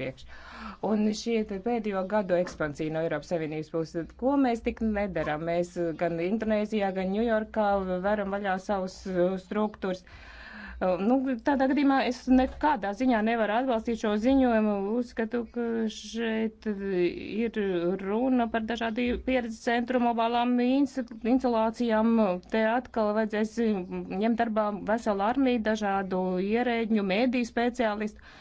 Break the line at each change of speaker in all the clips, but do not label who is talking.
priekšu. Un šie pēdējo gadu ekspansija no Eiropas Savienības puses, ko mēs tik nedaram? Mēs gan Indonēzijā, gan Ņujorkā varam vaļā savus uh, struktūras. Uh, nu, tādā gadījumā es nekādā ziņā nevaru atbalstīt šo ziņojumu. Uzskatu, ka šeit ir runa par dažādu pieredzi centru mobilām instalācijām. Te atkal vajadzēs ņemt darbā veselu armiju dažādu ierēģņu, mēdī speciālistu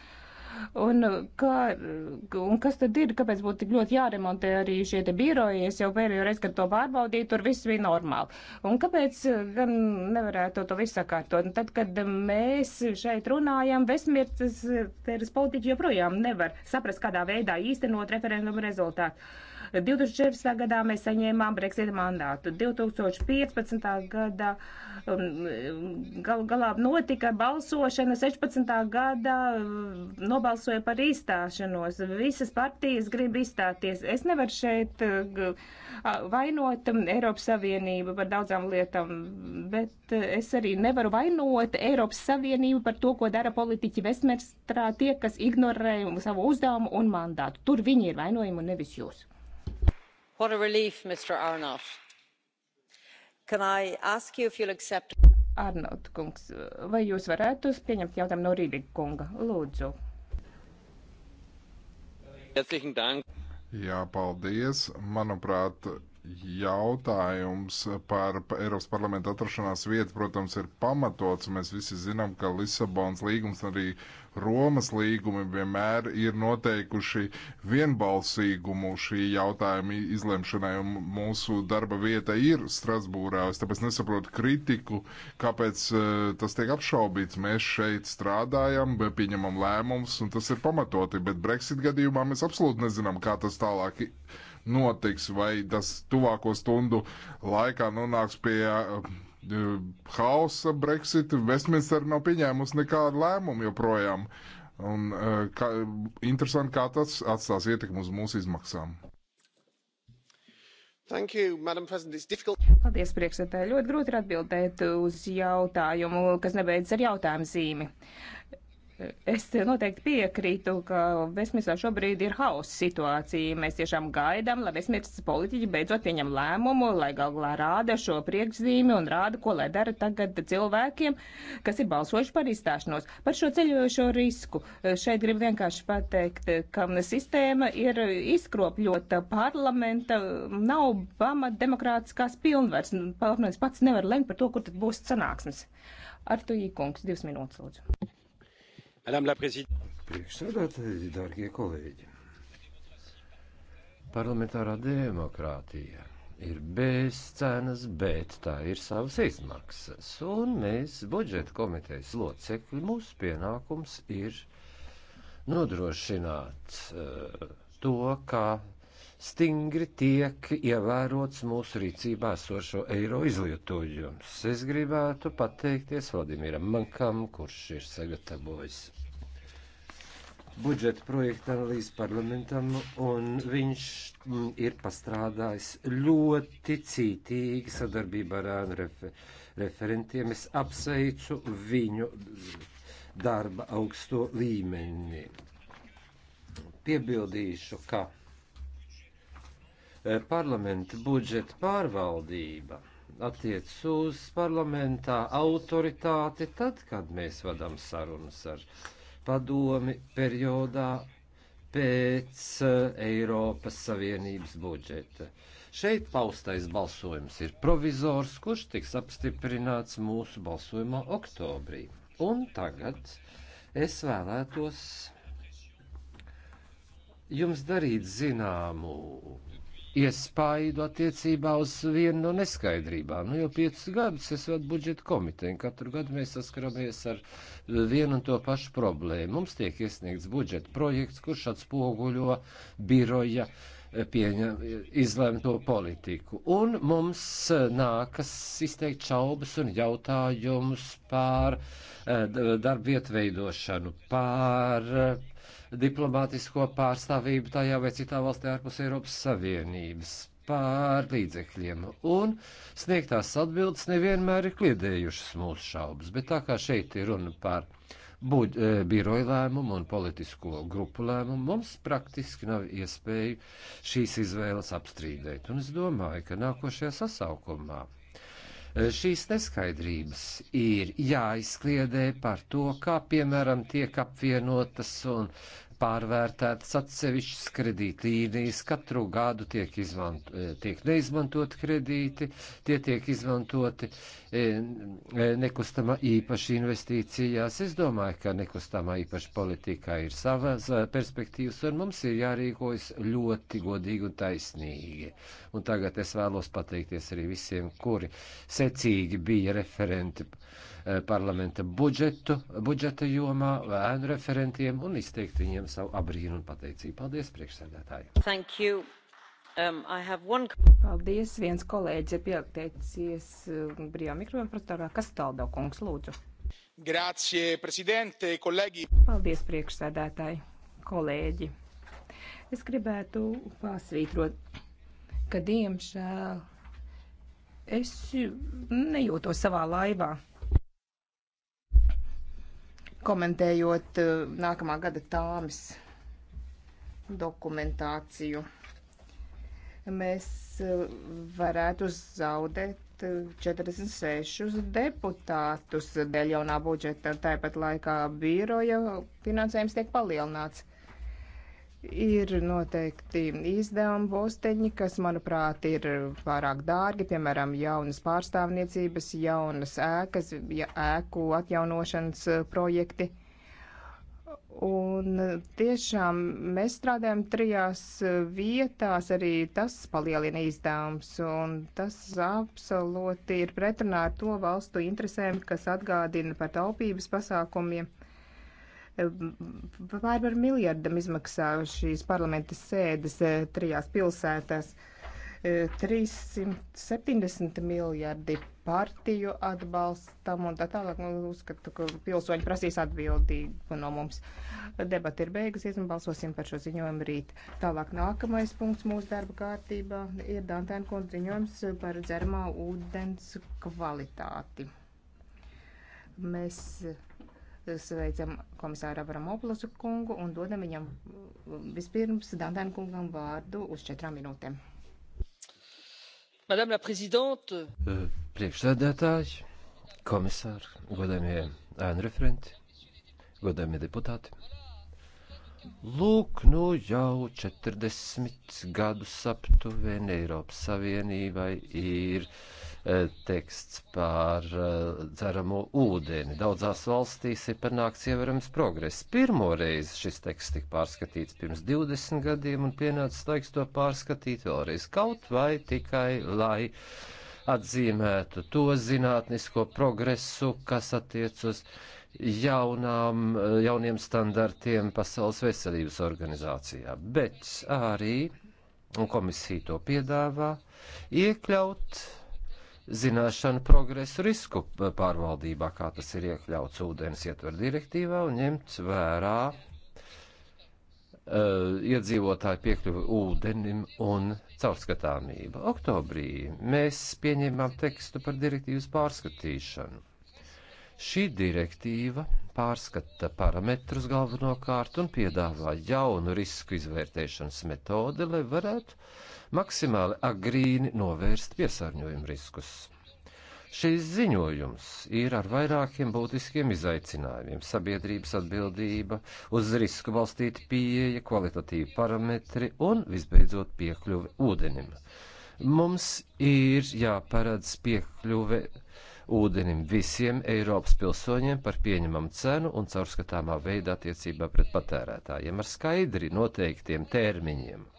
Un, uh, kā, uh, un kas tad ir, kāpēc būtu tik ļoti jāremontē arī šie te biroji? Es jau pēdējo reizi, kad to pārbaudīju, tur viss bija normāli. Un kāpēc uh, gan nevarētu to visu sakārtot? Un tad, kad mēs šeit runājam, vesmirtas teras politiķi joprojām nevar saprast, kādā veidā īstenot referendumu rezultātu. 24. gadā mēs saņēmām Brexit mandātu. 2015. gada um, gal, galā notika balsošana, 16. gada um, nobalsoja par izstāšanos. Visas partijas grib izstāties. Es nevaru šeit uh, vainot um, Eiropas Savienību par daudzām lietām, bet uh, es arī nevaru vainot Eiropas Savienību par to, ko dara politiķi Vestmerstrā, tie, kas ignorē savu uzdevumu un mandātu. Tur viņi ir vainojumi un nevis jūs what a relief mr arnott. can i ask you if you'll accept. arnott kungs vai jūs varētu pieņemt jautājumu no rīdīga kunga lūdzu.
Jā, paldies. Manuprāt, jautājums par Eiropas parlamenta atrašanās vietu, protams, ir pamatots. Mēs visi zinām, ka Lisabonas līgums arī Romas līgumi vienmēr ir noteikuši vienbalsīgumu šī jautājuma izlemšanai, un mūsu darba vieta ir Strasbūrā. Es tāpēc nesaprotu kritiku, kāpēc eh, tas tiek apšaubīts. Mēs šeit strādājam, pieņemam lēmumus, un tas ir pamatoti, bet Brexit gadījumā mēs absolūti nezinām, kā tas tālāk notiks, vai tas tuvāko stundu laikā nonāks pie eh, hausa Brexit, Westminster nav pieņēmusi nekādu lēmumu joprojām. Un eh, kā, interesanti, kā tas atstās ietekmi uz mūsu izmaksām.
You,
Paldies, priekšsētāji. Ļoti grūti ir atbildēt uz jautājumu, kas nebeidzas ar jautājumu zīmi. Es noteikti piekrītu, ka Vesmīrsā šobrīd ir hausa situācija. Mēs tiešām gaidām, lai Vesmīrsas politiķi beidzot pieņem lēmumu, lai galvā rāda šo priekšzīmi un rāda, ko lai dara tagad cilvēkiem, kas ir balsojuši par izstāšanos. Par šo ceļojošo risku eh, šeit gribu vienkārši pateikt, eh, ka sistēma ir izkropļota. Parlamenta nav pamat demokrātiskās pilnvars. Parlaments pats nevar lemt par to, kur tad būs sanāksmes. Ar to īkungs, divas minūtes lūdzu.
Priekšsēdētāji, dārgie kolēģi, parlamentārā demokrātija ir bez cenas, bet tā ir savas izmaksas. Un mēs, budžeta komitejas locekļi, mūsu pienākums ir nodrošināt uh, to, ka stingri tiek ievērots mūsu rīcībā esošo eiro izlietojums. Es gribētu pateikties Vladimiram Mankam, kurš ir sagatavojis budžeta projekta analīzi parlamentam, un viņš ir pastrādājis ļoti cītīgi sadarbībā ar ānu refer referentiem. Es apsveicu viņu darba augsto līmeni. Piebildīšu, ka Eh, parlamenta budžeta pārvaldība attiec uz parlamentā autoritāti tad, kad mēs vadam sarunas ar padomi periodā pēc eh, Eiropas Savienības budžeta. Šeit paustais balsojums ir provizors, kurš tiks apstiprināts mūsu balsojumā oktobrī. Un tagad es vēlētos jums darīt zināmu iespaidu attiecībā uz vienu no neskaidrībām. Nu, jau piecus gadus es vadu budžeta komiteju, un katru gadu mēs saskaramies ar vienu un to pašu problēmu. Mums tiek iesniegts budžeta projekts, kurš atspoguļo biroja pieņem, izlēmto politiku. Un mums nākas izteikt šaubas un jautājumus pār eh, darbvietu veidošanu, pār uh, diplomātisko pārstāvību tajā vai citā valstī ārpus Eiropas Savienības par līdzekļiem, un sniegtās atbildes nevienmēr ir kliedējušas mūsu šaubas, bet tā kā šeit ir runa par buģ, e, biroju lēmumu un politisko grupu lēmumu, mums praktiski nav iespēju šīs izvēles apstrīdēt, un es domāju, ka nākošajā sasaukumā Eh, šīs neskaidrības ir jāizkliedē par to, kā piemēram tiek apvienotas un pārvērtētas atsevišķas kredītlīnijas, katru gadu tiek, izmanto, eh, tiek neizmantot kredīti, tie tiek izmantoti eh, nekustamā īpaši investīcijās. Es domāju, ka nekustamā īpaši politikā ir savas eh, perspektīvas, un mums ir jārīkojas ļoti godīgi un taisnīgi. Un tagad es vēlos pateikties arī visiem, kuri secīgi bija referenti Eh, parlamenta budžetu, budžeta jomā, ēnu referentiem un izteikt viņiem savu abrīnu un pateicību. Paldies, priekšsēdētāji!
Thank you. Um, one... Paldies, viens kolēģis ir pieteicies um, brīvā mikrofona procedūrā. Kas taldo, kungs, lūdzu?
Grazie, prezidente, kolēģi.
Paldies, priekšsēdētāji, kolēģi. Es gribētu pasvītrot, ka diemžēl es nejūtos savā laivā komentējot eh, nākamā gada tāmas dokumentāciju. Mēs eh, varētu zaudēt 46 eh, deputātus dēļ jaunā budžeta, tāpat laikā biroja finansējums tiek palielināts. Ir noteikti izdevumi posteņi, kas, manuprāt, ir pārāk dārgi, piemēram, jaunas pārstāvniecības, jaunas ēkas, ēku atjaunošanas eh, projekti. Un eh, tiešām mēs strādājam trijās eh, vietās, arī tas palielina izdevums, un tas absolūti ir pretrunā ar to valstu interesēm, kas atgādina par taupības pasākumiem Pār par miljardam izmaksā šīs parlamenta sēdes eh, trijās pilsētās. 370 eh, miljardi partiju atbalstam un tā tālāk. Nu, uzskatu, ka pilsoņi prasīs atbildību no mums. Debata ir beigusies un balsosim par šo ziņojumu rīt. Tālāk nākamais punkts mūsu darba kārtībā ir Dantēna kundze ziņojums par dzermā ūdens kvalitāti. Mēs sveicam komisāru Avramopulosu kungu un dodam viņam mm, vispirms Dantēnu kungam vārdu uz četrām minūtēm.
Madame la Prezidente. Eh, Priekšsēdētāji, komisāri, godamie ēnu referenti, godamie deputāti. Lūk, nu jau 40 gadus aptuveni Eiropas Savienībai ir uh, E, teksts par e, dzeramo ūdeni. Daudzās valstīs ir panākts ievērams progress. Pirmoreiz šis teksts tika pārskatīts pirms 20 gadiem un pienācis laiks to pārskatīt vēlreiz kaut vai tikai, lai atzīmētu to zinātnisko progresu, kas attiec uz jaunām, e, jauniem standartiem Pasaules veselības organizācijā, bet arī, un komisija to piedāvā, iekļaut zināšanu progresu risku pārvaldībā, kā tas ir iekļauts ūdens ietver direktīvā un ņemt vērā uh, iedzīvotāju piekļuvi ūdenim un caurskatāmību. Oktobrī mēs pieņēmām tekstu par direktīvas pārskatīšanu. Šī direktīva pārskata parametrus galvenokārt un piedāvā jaunu risku izvērtēšanas metodi, lai varētu uh, maksimāli agrīni novērst piesārņojumu riskus. Šis ziņojums ir ar vairākiem būtiskiem izaicinājumiem - sabiedrības atbildība, uz risku balstīta pieeja, kvalitatīvi parametri un, visbeidzot, piekļuve ūdenim. Mums ir jāparedz piekļuve ūdenim visiem Eiropas pilsoņiem par pieņemamu cenu un caurskatāmā veidā attiecībā pret patērētājiem ar skaidri noteiktiem termiņiem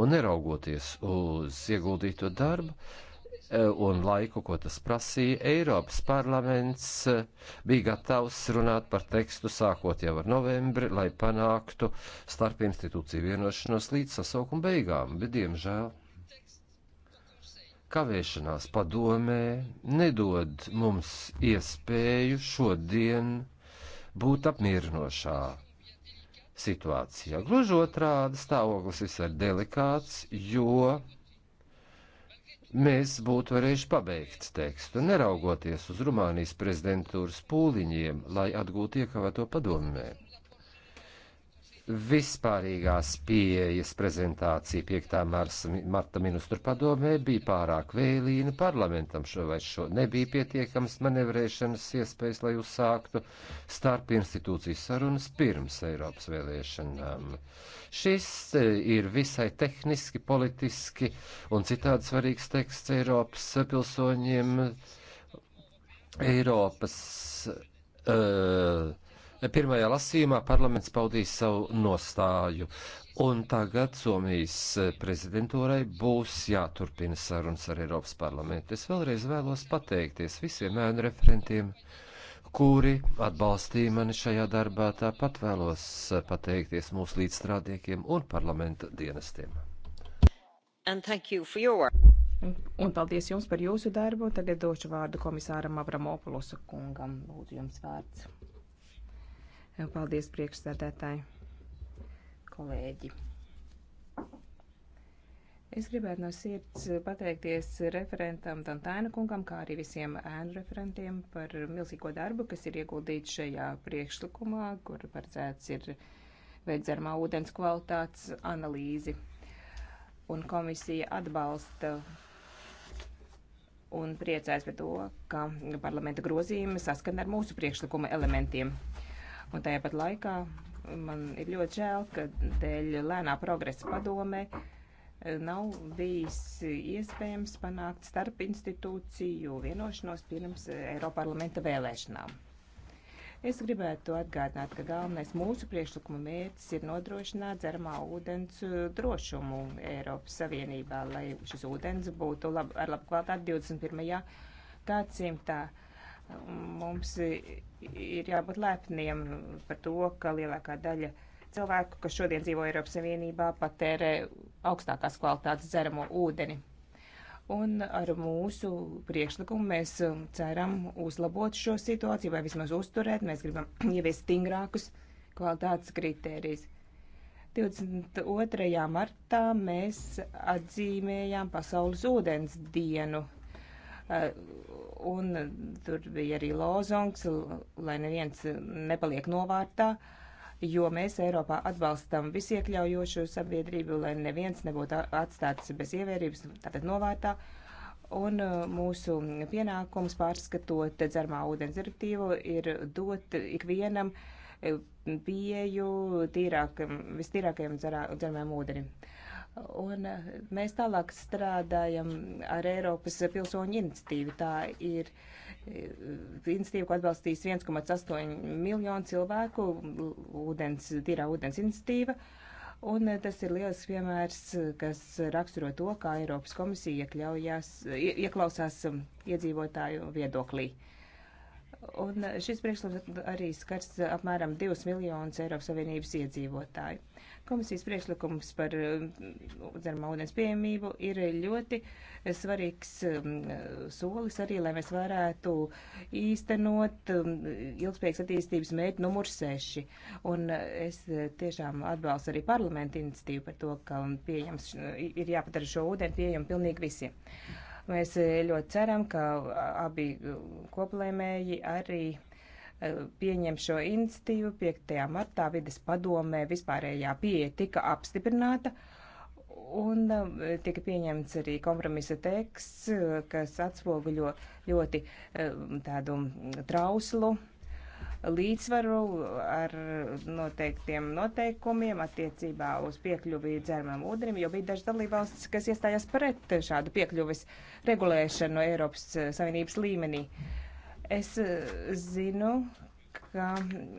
Un neraugoties uz ieguldīto darbu e, un laiku, ko tas prasīja, Eiropas parlaments e, bija gatavs runāt par tekstu sākot jau ar novembri, lai panāktu starp institūciju vienošanos līdz sasaukuma beigām, bet diemžēl kavēšanās padomē nedod mums iespēju šodien būt apmierinošā situācijā. Gluži otrādi stāvoklis visai delikāts, jo mēs būtu varējuši pabeigt tekstu, neraugoties uz Rumānijas prezidentūras pūliņiem, lai atgūtu iekavēto padomē vispārīgās pieejas prezentācija 5. Mars, marta ministru padomē bija pārāk vēlīna, parlamentam šo vai šo nebija pietiekams manevrēšanas iespējas, lai uzsāktu starp institūciju sarunas pirms Eiropas vēlēšanām. Šis e, ir visai tehniski, politiski un citādi svarīgs teksts Eiropas pilsoņiem. Eiropas uh, pirmajā lasījumā parlaments paudīs savu nostāju. Un tagad Somijas prezidentūrai būs jāturpina sarunas ar Eiropas parlamentu. Es vēlreiz vēlos pateikties visiem ēnu referentiem, kuri atbalstīja mani šajā darbā. Tāpat vēlos pateikties mūsu līdzstrādniekiem un parlamenta dienestiem.
You your... un, un paldies jums par jūsu darbu. Tagad došu vārdu komisāram Avramopulusu kungam. Lūdzu, jums vārds. Paldies priekšsēdētāji, kolēģi. Es gribētu no sirds pateikties referentam Dantaina kungam, kā arī visiem ēnu referentiem par milzīgo darbu, kas ir ieguldīts šajā priekšlikumā, kur paredzēts ir veidzarmā ūdens kvalitātes analīzi. Un komisija atbalsta un priecājas par to, ka parlamenta grozījumi saskana ar mūsu priekšlikuma elementiem. Uh, Un tajā pat laikā man ir ļoti žēl, ka dēļ lēnā progresa padomē eh, nav bijis iespējams panākt starp institūciju vienošanos pirms eh, Eiroparlamenta vēlēšanām. Es gribētu atgādināt, ka galvenais mūsu priekšlikuma mērķis ir nodrošināt dzeramā ūdens eh, drošumu Eiropas Savienībā, lai šis ūdens būtu lab, ar labu kvalitāti 21. gadsimtā. Mums ir jābūt lepniem par to, ka lielākā daļa cilvēku, kas šodien dzīvo Eiropas Savienībā, patērē augstākās kvalitātes dzeramo ūdeni. Un ar mūsu priekšlikumu mēs um, ceram uzlabot šo situāciju vai vismaz uzturēt. Mēs gribam ieviest stingrākus kvalitātes kritērijus. 22. martā mēs atzīmējām Pasaules ūdens dienu. Uh, un tur bija arī lozongs, lai neviens nepaliek novārtā, jo mēs Eiropā atbalstam visiekļaujošu sabiedrību, lai neviens nebūtu atstāts bez ievērības, tātad novārtā. Un uh, mūsu pienākums pārskatot dzermā ūdens direktīvu ir dot ikvienam uh, pieju tīrāk, vistīrākajam dzeramajam ūdenim. Un eh, mēs tālāk strādājam ar Eiropas pilsoņu iniciatīvu. Tā ir eh, iniciatīva, ko atbalstīs 1,8 miljonu cilvēku ūdens, tīrā ūdens iniciatīva. Un eh, tas ir liels piemērs, kas raksturo to, kā Eiropas komisija iekļaujās, ie, ieklausās um, iedzīvotāju viedoklī. Uh, Un šis priekšlikums arī skars apmēram 2 miljonus Eiropas Savienības iedzīvotāju. Komisijas priekšlikums par um, dzeramā ūdens pieejamību ir ļoti svarīgs um, solis arī, lai mēs varētu īstenot um, ilgspējīgas attīstības mērķi numur 6. Un es tiešām atbalstu arī parlamentu iniciatīvu par to, ka pieejams, ir jāpadara šo ūdeni pieejamu pilnīgi visiem. Mēs eh, ļoti ceram, ka abi uh, koplēmēji arī eh, pieņem šo iniciatīvu 5. martā vides padomē vispārējā pieeja tika apstiprināta. Un eh, tika pieņemts arī kompromisa teksts, kas atspoguļo ļoti tādu trauslu līdzsvaru ar noteiktiem noteikumiem attiecībā uz piekļuvi dzērmam ūdenim, jo bija daži dalībvalstis, kas iestājās pret šādu piekļuvis regulēšanu Eiropas eh, Savienības līmenī. Es eh, zinu, ka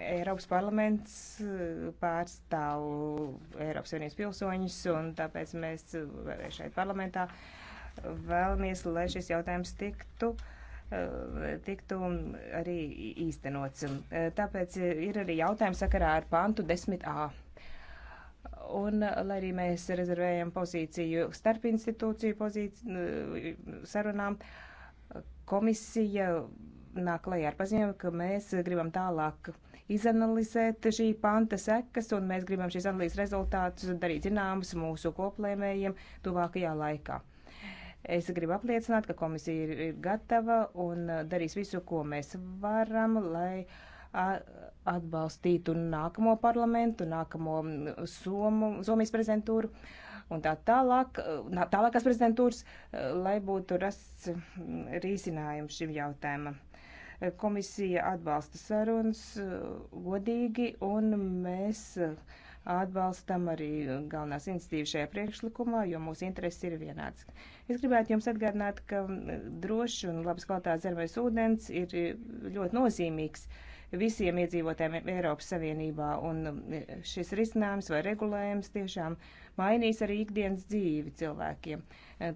Eiropas parlaments eh, pārstāv Eiropas Savienības pilsoņus, un tāpēc mēs šeit parlamentā vēlamies, lai šis jautājums tiktu uh, Eh, tiktu arī īstenots. Eh, tāpēc eh, ir arī jautājums sakarā ar pantu 10a. Un, lai arī mēs rezervējam pozīciju starp institūciju pozīciju, sarunām, komisija nāk klajā ar paziņojumu, ka mēs gribam tālāk izanalizēt šī panta sekas, un mēs gribam šīs analīzes rezultātus darīt zināmas mūsu koplēmējiem tuvākajā laikā. Es gribu apliecināt, ka komisija ir, ir gatava un uh, darīs visu, ko mēs varam, lai atbalstītu nākamo parlamentu, nākamo Somu, Somijas prezidentūru un tā tālāk, uh, tālākās prezidentūras, uh, lai būtu rasts mm, risinājums šim jautājumam. Komisija atbalsta sarunas godīgi un mēs. Uh, atbalstam arī galvenās iniciatīvas šajā priekšlikumā, jo mūsu intereses ir vienāds. Es gribētu jums atgādināt, ka drošs un labas kvalitātes dzermais ūdens ir ļoti nozīmīgs visiem iedzīvotājiem Eiropas Savienībā, un šis risinājums vai regulējums tiešām mainīs arī ikdienas dzīvi cilvēkiem.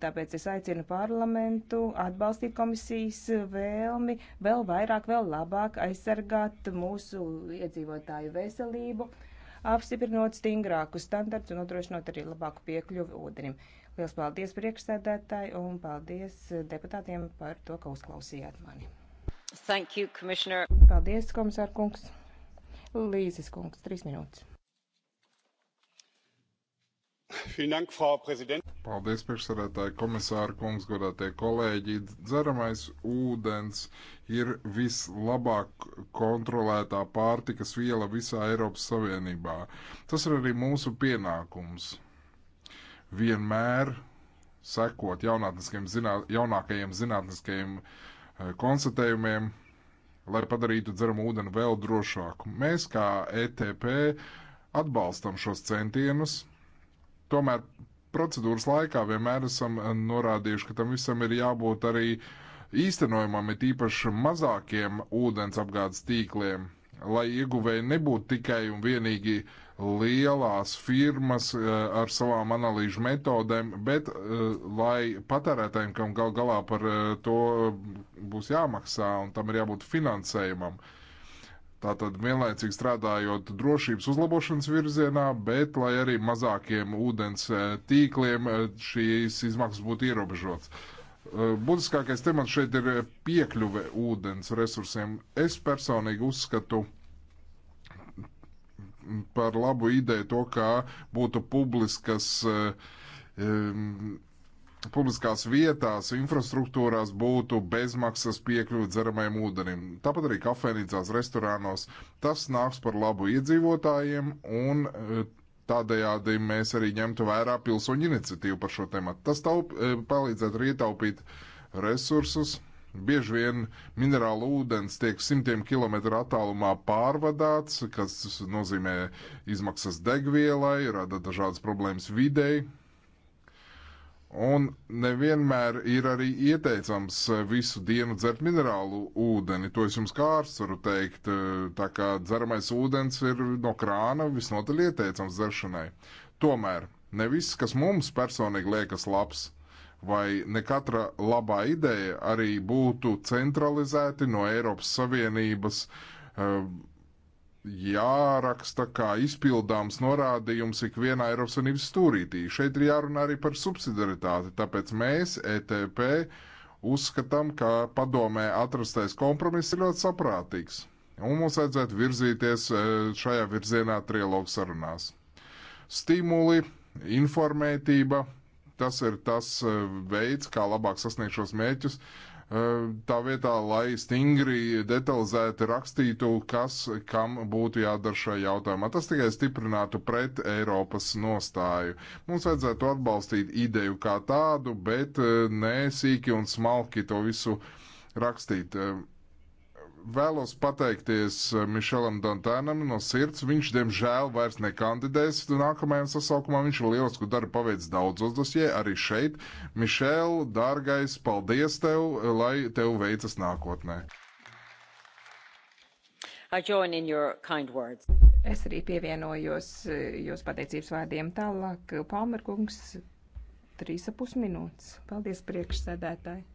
Tāpēc es aicinu parlamentu atbalstīt komisijas vēlmi vēl vairāk, vēl labāk aizsargāt mūsu iedzīvotāju veselību apstiprinot stingrākus standartus un nodrošinot arī labāku piekļuvi ūdenim. Lielas paldies priekšsēdētāji un paldies deputātiem par to, ka uzklausījāt mani. Thank you, Commissioner. Paldies, komisār kungs. Līzes kungs, trīs minūtes.
Frau Präsidentin! Paldies, priekšsēdētāji, komisāri, kungs, godātie kolēģi. Dzeramais ūdens ir vislabāk kontrolētā pārtikas viela visā Eiropas Savienībā. Tas ir arī mūsu pienākums. Vienmēr sekot zinā, jaunākajiem zinātniskajiem eh, konstatējumiem, lai padarītu dzeramu ūdeni vēl drošāku. Mēs, kā ETP, atbalstam šos centienus Tomēr procedūras laikā vienmēr esam eh, norādījuši, ka tam visam ir jābūt arī īstenojumam, ir īpaši mazākiem ūdens apgādes tīkliem, lai ieguvēji nebūtu tikai un vienīgi lielās firmas eh, ar savām analīžu metodēm, bet eh, lai patērētājiem, kam gal galā par to būs jāmaksā un tam ir jābūt finansējumam, uh, Tātad vienlaicīgi strādājot drošības uzlabošanas virzienā, bet lai arī mazākiem ūdens eh, tīkliem eh, šīs izmaksas būtu ierobežotas. Eh, būtiskākais temats šeit ir piekļuve ūdens resursiem. Es personīgi uzskatu par labu ideju to, kā būtu publiskas um, publiskās vietās, infrastruktūrās būtu bezmaksas piekļuve dzeramajam ūdenim. Tāpat arī kafejnīcās, restorānos. Tas nāks par labu iedzīvotājiem un e, tādējādi mēs arī ņemtu vērā pilsoņu iniciatīvu par šo tematu. Tas taup, e, palīdzētu arī ietaupīt resursus. Bieži vien minerāla ūdens tiek simtiem kilometru attālumā pārvadāts, kas nozīmē izmaksas degvielai, rada dažādas problēmas videi, Un nevienmēr ir arī ieteicams eh, visu dienu dzert minerālu ūdeni. To es jums kā ārsts varu teikt. Eh, tā kā dzeramais ūdens ir no krāna visnotaļ ieteicams dzeršanai. Tomēr ne viss, kas mums personīgi liekas labs, vai ne katra labā ideja arī būtu centralizēti no Eiropas Savienības uh, jāraksta kā izpildāms norādījums ikvienā Eiropas Savienības stūrītī. Šeit ir jārunā arī par subsidiaritāti, tāpēc mēs, ETP, uzskatām, ka padomē atrastais kompromiss ir ļoti saprātīgs. Un mums vajadzētu virzīties e, šajā virzienā trilogu sarunās. Stimuli, informētība, tas ir tas e, veids, kā labāk sasniegt šos mēķus. Uh, tā vietā, lai stingri, detalizēti rakstītu, kas kam būtu jādara šajā jautājumā. Tas tikai stiprinātu pret Eiropas nostāju. Mums vajadzētu atbalstīt ideju kā tādu, bet nesīki un smalki to visu rakstīt. Vēlos pateikties eh, Mišelam Dantānam no sirds. Viņš, diemžēl, vairs nekandidēs nākamajam sasaukumam. Viņš ir lielisku darbu paveicis daudzos dosjē, arī šeit. Mišel, dārgais, paldies tev, eh, lai tev veicas nākotnē.
Es arī pievienojos eh, jūsu pateicības vārdiem tālāk. Palmerkungs, trīs ap pus minūtes. Paldies, priekšsēdētāji!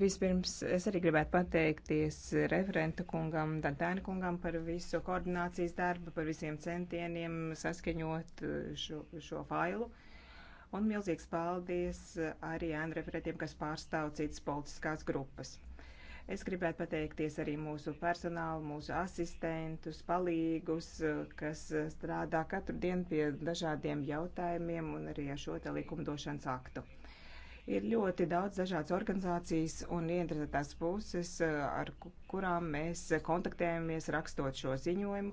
Vispirms es arī gribētu pateikties referenta kungam, Dantēna kungam par visu koordinācijas darbu, par visiem centieniem saskaņot eh, šo, šo failu. Un milzīgs paldies arī Ēnu referentiem, kas pārstāv citas politiskās grupas. Es gribētu pateikties arī mūsu personālu, mūsu asistentus, palīgus, eh, kas strādā katru dienu pie dažādiem jautājumiem un arī ar šo te likumdošanas aktu. Ir ļoti daudz dažādas organizācijas un ieinteresētās puses, eh, ar kurām mēs kontaktējamies rakstot šo ziņojumu.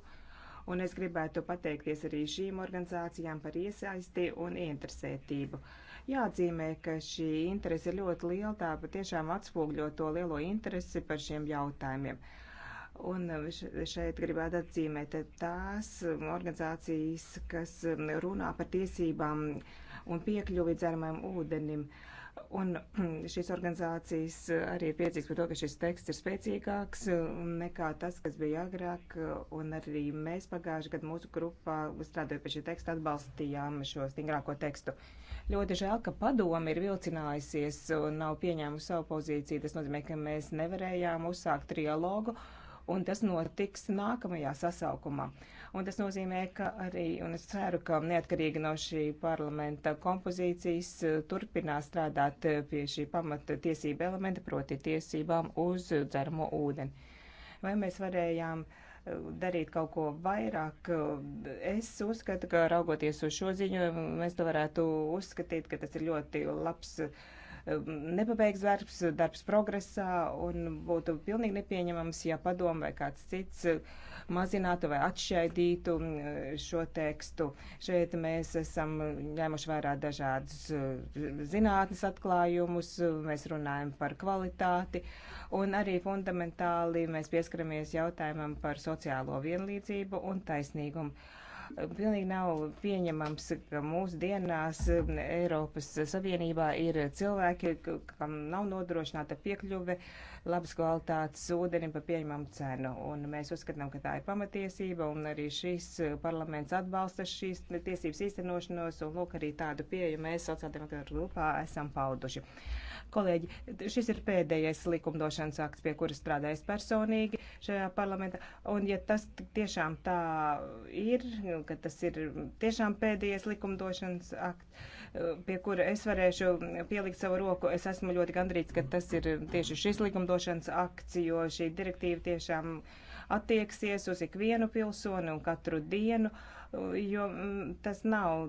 Un es gribētu pateikties arī šīm organizācijām par iesaisti un interesētību. Jāatzīmē, ka šī interese ir ļoti liela, tā patiešām atspūgļo to lielo interesi par šiem jautājumiem. Un eh, šeit gribētu atzīmēt eh, tās mm, organizācijas, kas mm, runā par tiesībām un piekļuvi dzeramajam ūdenim. Uh, Un mm, šīs organizācijas arī ir priecīgs par to, ka šis teksts ir spēcīgāks mm, nekā tas, kas bija agrāk. Un arī mēs pagājuši gadu mūsu grupā strādājot pie šī teksta atbalstījām šo stingrāko tekstu. Ļoti žēl, ka padomi ir vilcinājusies un nav pieņēmusi savu pozīciju. Tas nozīmē, ka mēs nevarējām uzsākt trialogu. Uh, un tas notiks nākamajā sasaukumā. Un tas nozīmē, ka arī, un es ceru, ka neatkarīgi no šī parlamenta kompozīcijas turpinās strādāt pie šī pamata tiesība elementa, proti tiesībām uz dzeramo ūdeni. Vai mēs varējām uh, darīt kaut ko vairāk. Es uzskatu, ka raugoties uz šo ziņojumu, mēs to varētu uzskatīt, ka tas ir ļoti labs uh, nepabeigts darbs, darbs progresā, un būtu pilnīgi nepieņemams, ja padomu vai kāds cits mazinātu vai atšķaidītu eh, šo tekstu. Šeit mēs esam ņēmuši vērā dažādus eh, zinātnes atklājumus, mēs runājam par kvalitāti, un arī fundamentāli mēs pieskaramies jautājumam par sociālo vienlīdzību un taisnīgumu Pilnīgi nav pieņemams, ka mūsu dienās Eiropas Savienībā ir cilvēki, kam nav nodrošināta piekļuve labas kvalitātes ūdeni par pieņemamu cenu. Un mēs uzskatām, ka tā ir pamatiesība, un arī šis eh, parlaments atbalsta šīs tiesības īstenošanos, un lūk, arī tādu pieeju mēs sociāldemokrātu grupā esam pauduši. Kolēģi, šis ir pēdējais likumdošanas akts, pie kura strādājas personīgi šajā parlamentā, un ja tas tiešām tā ir, ka tas ir tiešām pēdējais likumdošanas akts, pie kura es varēšu pielikt savu roku. Es esmu ļoti gandrīz, ka tas ir tieši šis likumdošanas akts, jo šī direktīva tiešām attieksies uz ikvienu pilsoni un katru dienu, jo mm, tas nav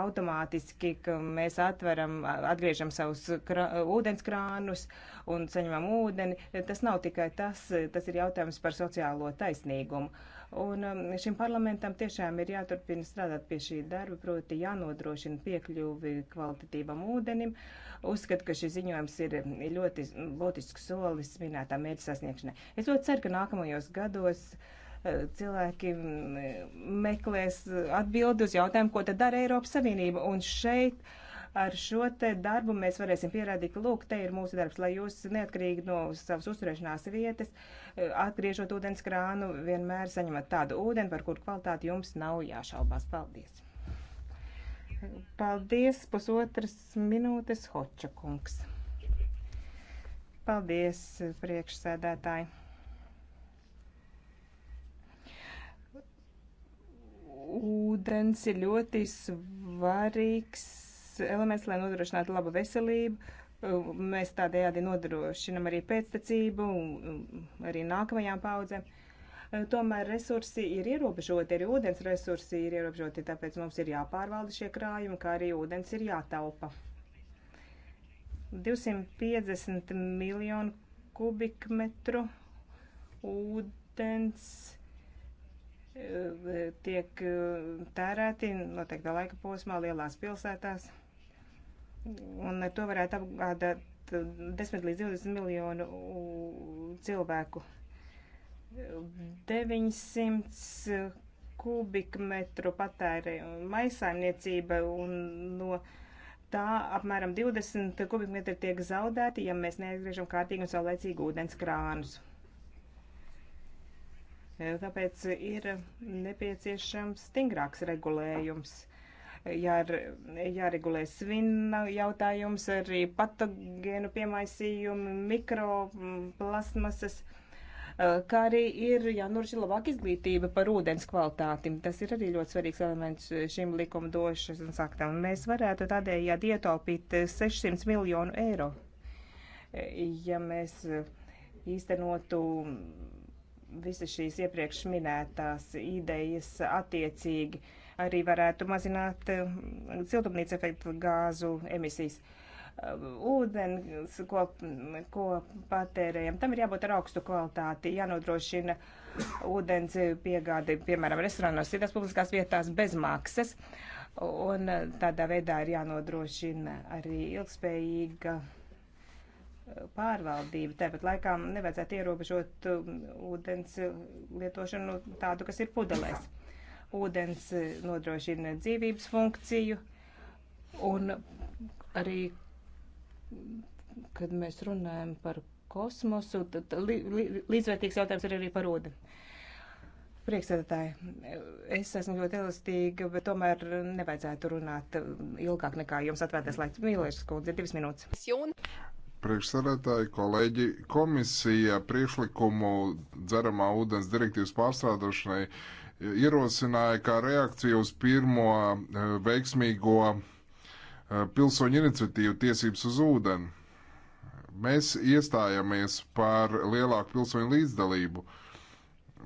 automātiski, ka mēs atveram, atgriežam savus krā, ūdenskrānus un saņemam ūdeni. Tas nav tikai tas, tas ir jautājums par sociālo taisnīgumu. Uh, Un um, šim parlamentam tiešām ir jāturpina strādāt pie šī darba, proti jānodrošina piekļuvi kvalitatīvam ūdenim. Uzskatu, ka šis ziņojums ir ļoti būtisks solis minētā mērķa sasniegšanai. Es ļoti ceru, ka nākamajos gados uh, cilvēki mm, meklēs atbildi uz jautājumu, ko tad dara Eiropas Savienība. Un šeit uh, ar šo te darbu mēs varēsim pierādīt, ka lūk, te ir mūsu darbs, lai jūs neatkarīgi no savas uzturēšanās vietas, eh, atgriežot ūdens krānu, vienmēr saņemat tādu ūdeni, par kuru kvalitāti jums nav jāšaubās. Paldies! Paldies, pusotras minūtes, Hoča kungs. Paldies, priekšsēdētāji. Ūdens ir ļoti svarīgs elements, lai nodrošinātu labu veselību. Uh, mēs tādējādi nodrošinam arī pēctecību, arī nākamajām paudzēm. Uh, tomēr resursi ir ierobežoti, arī ūdens resursi ir ierobežoti, tāpēc mums ir jāpārvalda šie krājumi, kā arī ūdens ir jātaupa. 250 miljonu kubikmetru ūdens uh, tiek tērēti noteiktā laika posmā lielās pilsētās un ar to varētu apgādāt 10 eh, līdz 20 miljonu cilvēku. 900 eh, kubikmetru patērē maisaimniecība un no tā apmēram 20 kubikmetri tiek zaudēti, ja mēs neatgriežam kārtīgi un saulēcīgi ūdens krānus. Eh, tāpēc ir nepieciešams stingrāks regulējums jār, jāregulē svina jautājums, arī patogēnu piemaisījumi, mikroplasmasas, kā arī ir jānorošina labāka izglītība par ūdens kvalitāti. Tas ir arī ļoti svarīgs elements šim likumdošanas aktam. Mēs varētu tādējādi ietaupīt 600 miljonu eiro, ja mēs īstenotu visas šīs iepriekš minētās idejas attiecīgi. Uh, arī varētu mazināt eh, siltumnīca efektu gāzu emisijas. Eh, ūdens, ko, ko patērējam, tam ir jābūt ar augstu kvalitāti, jānodrošina ūdens piegādi, piemēram, restorānos, citās publiskās vietās bez maksas. Un eh, tādā veidā ir jānodrošina arī ilgspējīga pārvaldība. Tāpat laikā nevajadzētu ierobežot ūdens lietošanu tādu, kas ir pudelēs ūdens nodrošina dzīvības funkciju, un arī, kad mēs runājam par kosmosu, tad li, li, līdzvērtīgs jautājums ir arī par ūdeni. Priekšsēdētāji, es esmu ļoti elastīga, bet tomēr nevajadzētu runāt ilgāk nekā jums atvērtais laiks. Mīlēšas kundze, divas minūtes.
Priekšsēdētāji, kolēģi, komisija priekšlikumu dzeramā ūdens direktīvas pārstrādošanai uh, ierosināja kā reakcija uz pirmo eh, veiksmīgo eh, pilsoņu iniciatīvu tiesības uz ūdeni. Mēs iestājamies par lielāku pilsoņu līdzdalību. Uh,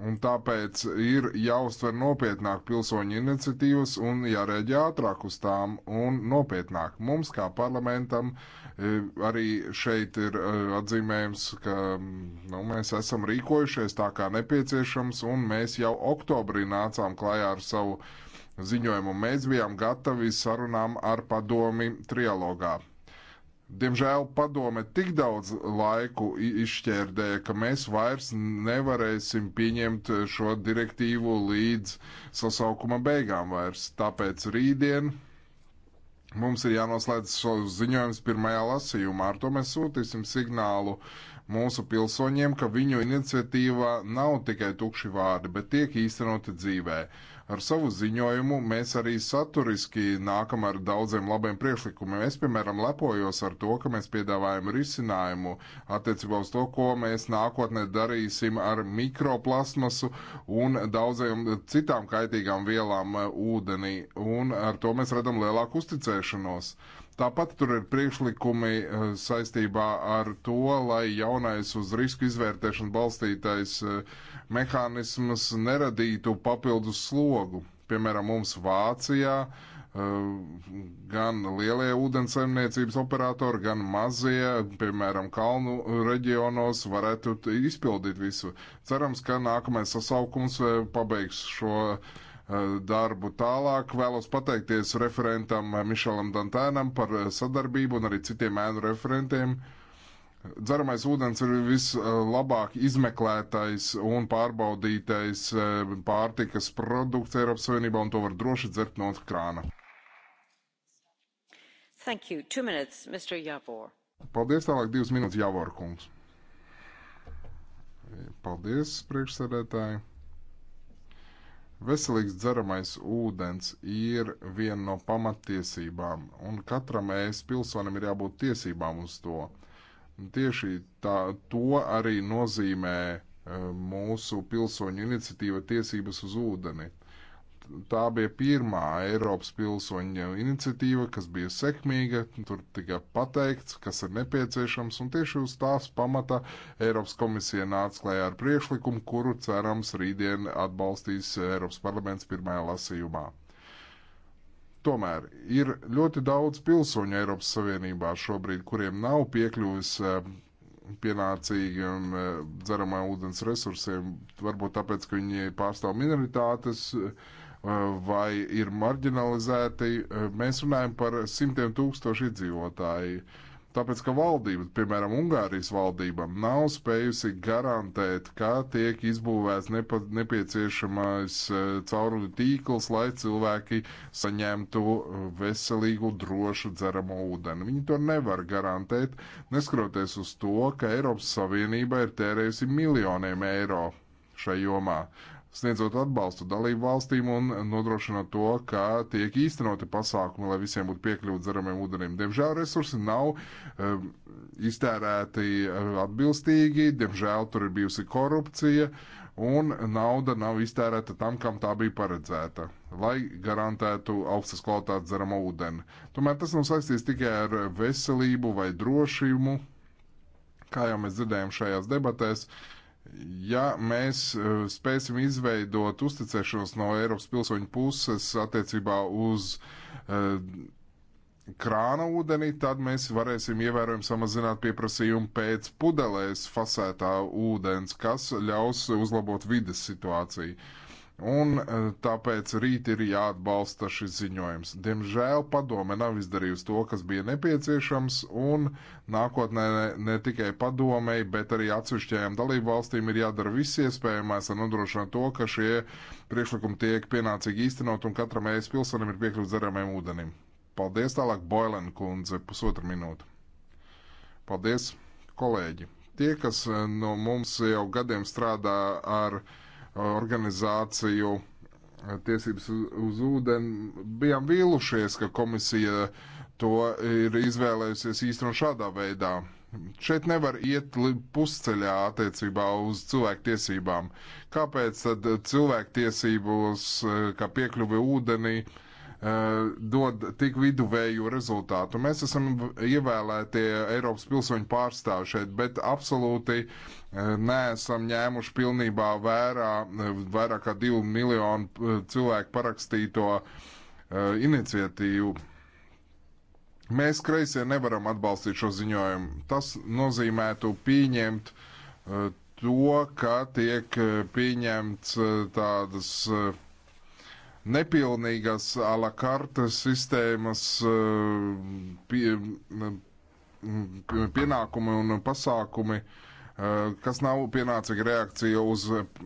Un tāpēc ir jāuztver nopietnāk pilsoņu iniciatīvas un jārēģē ātrāk uz tām un nopietnāk. Mums kā parlamentam e, arī šeit ir e, atzīmējums, ka mm, nu, mēs esam rīkojušies tā kā nepieciešams un mēs jau oktobrī nācām klajā ar savu ziņojumu. Mēs bijām gatavi sarunām ar padomi trialogā. Diemžēl padome tik daudz laiku izšķērdēja, ka mēs vairs nevarēsim pieņemt šo direktīvu līdz sasaukuma beigām vairs. Tāpēc rītdien mums ir jānoslēdz šo ziņojums pirmajā lasījumā. Ar to mēs sūtīsim signālu mūsu pilsoņiem, ka viņu iniciatīva nav tikai tukši vārdi, bet tiek īstenoti dzīvē. Ar savu ziņojumu mēs arī saturiski nākam ar daudziem labiem priekšlikumiem. Es, piemēram, lepojos ar to, ka mēs piedāvājam risinājumu attiecībā uz to, ko mēs nākotnē darīsim ar mikroplasmasu un daudziem citām kaitīgām vielām uh, ūdenī. Un ar to mēs redzam lielāku uzticēšanos. Uh, Tāpat tur ir priekšlikumi eh, saistībā ar to, lai jaunais uz risku izvērtēšanu balstītais eh, mehānisms neradītu papildus slogu. Piemēram, mums Vācijā eh, gan lielie ūdensaimniecības operatori, gan mazie, piemēram, kalnu reģionos varētu izpildīt visu. Cerams, ka nākamais sasaukums pabeigs šo uh, Eh, darbu tālāk. Vēlos pateikties referentam eh, Mišelam Dantēnam par eh, sadarbību un arī citiem ēnu referentiem. Dzeramais ūdens ir vislabāk izmeklētais un pārbaudītais pārtikas produkts Eiropas Savienībā, un to var droši dzert no krāna.
Thank you. Two minutes, Mr. Javor.
Paldies, tālāk divas minūtes Javor kungs. Paldies, priekšsēdētāji. Veselīgs dzeramais ūdens ir viena no pamatiesībām, un katram ES pilsonim ir jābūt tiesībām uz to. Tieši tā, to arī nozīmē eh, mūsu pilsoņu iniciatīva tiesības uz ūdeni tā bija pirmā Eiropas pilsoņa iniciatīva, kas bija sekmīga, tur tika pateikts, kas ir nepieciešams, un tieši uz tās pamata Eiropas komisija nāca klajā ar priekšlikumu, kuru cerams rītdien atbalstīs Eiropas parlaments pirmajā lasījumā. Tomēr ir ļoti daudz pilsoņu Eiropas Savienībā šobrīd, kuriem nav piekļuvis eh, pienācīgiem eh, dzeramā ūdens resursiem, varbūt tāpēc, ka viņi pārstāv minoritātes, uh, Eh, vai ir marginalizēti. Eh, mēs runājam par simtiem tūkstošu iedzīvotāju. Tāpēc, ka valdība, piemēram, Ungārijas valdība, nav spējusi garantēt, kā tiek izbūvēts nepa, nepieciešamais eh, cauruļu tīkls, lai cilvēki saņemtu veselīgu, drošu dzeramo ūdeni. Viņi to nevar garantēt, neskroties uz to, ka Eiropas Savienība ir tērējusi miljoniem eiro šai jomā sniedzot atbalstu dalību valstīm un nodrošinot to, ka tiek īstenoti pasākumi, lai visiem būtu piekļuvi dzeramiem ūdenim. Diemžēl resursi nav um, iztērēti uh, atbilstīgi, diemžēl tur ir bijusi korupcija un nauda nav iztērēta tam, kam tā bija paredzēta, lai garantētu augstas kvalitātes dzeramo ūdeni. Tomēr tas nav saistīts tikai ar veselību vai drošību, kā jau mēs dzirdējām šajās debatēs. Uh, Ja mēs eh, spēsim izveidot uzticēšanos no Eiropas pilsoņu puses attiecībā uz uh, krāna ūdeni, tad mēs varēsim ievērojami samazināt pieprasījumu pēc pudelēs fasētā ūdens, kas ļaus uzlabot vides situāciju. Uh, Un e, tāpēc rīt ir jāatbalsta šis ziņojums. Diemžēl padome nav izdarījusi to, kas bija nepieciešams, un nākotnē ne, ne tikai padomei, bet arī atsevišķajām dalību valstīm ir jādara viss iespējamais, lai nodrošinātu to, ka šie priekšlikumi tiek pienācīgi īstenot un katram ēst pilsonim ir piekļuvis dzeramajam ūdenim. Paldies tālāk, Boilen kundze, pusotra minūte. Paldies, kolēģi! Tie, kas e, no mums jau gadiem strādā ar uh, organizāciju eh, tiesības uz ūdeni, bijām vīlušies, ka komisija to ir izvēlējusies īstenot šādā veidā. Šeit nevar iet pusceļā attiecībā uz cilvēktiesībām. Kāpēc tad cilvēktiesībos, eh, kā piekļuve ūdenī, uh, Eh, dod tik viduvēju rezultātu. Mēs esam ievēlētie Eiropas pilsoņu pārstāvi šeit, bet absolūti eh, neesam ņēmuši pilnībā vērā eh, vairāk kā divu miljonu cilvēku parakstīto iniciatīvu. Mēs kreisie nevaram atbalstīt šo ziņojumu. Tas nozīmētu pieņemt to, ka tiek pieņemts tādas uh, nepilnīgas a la carte sistēmas eh, pie, mm, pienākumi un pasākumi, eh, kas nav pienācīga reakcija uz eh,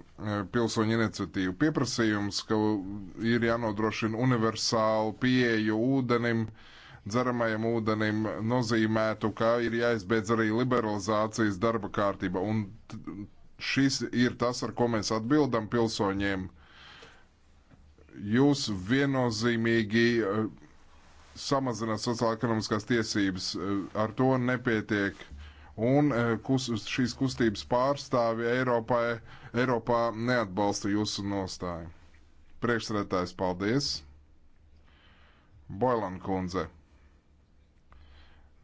pilsoņu iniciatīvu. Pieprasījums, ka ir jānodrošina universālu pieeju ūdenim, dzeramajam ūdenim nozīmētu, ka ir jāizbeidz arī liberalizācijas darba kārtība. Un šis ir tas, ar ko mēs atbildam pilsoņiem jūs viennozīmīgi eh, samazināt sociālajās tiesības. Eh, ar to nepietiek. Un eh, kus, šīs kustības pārstāvi Eiropai, Eiropā neatbalsta jūsu nostāju. Priekšsredētājs, paldies! Boilan kundze.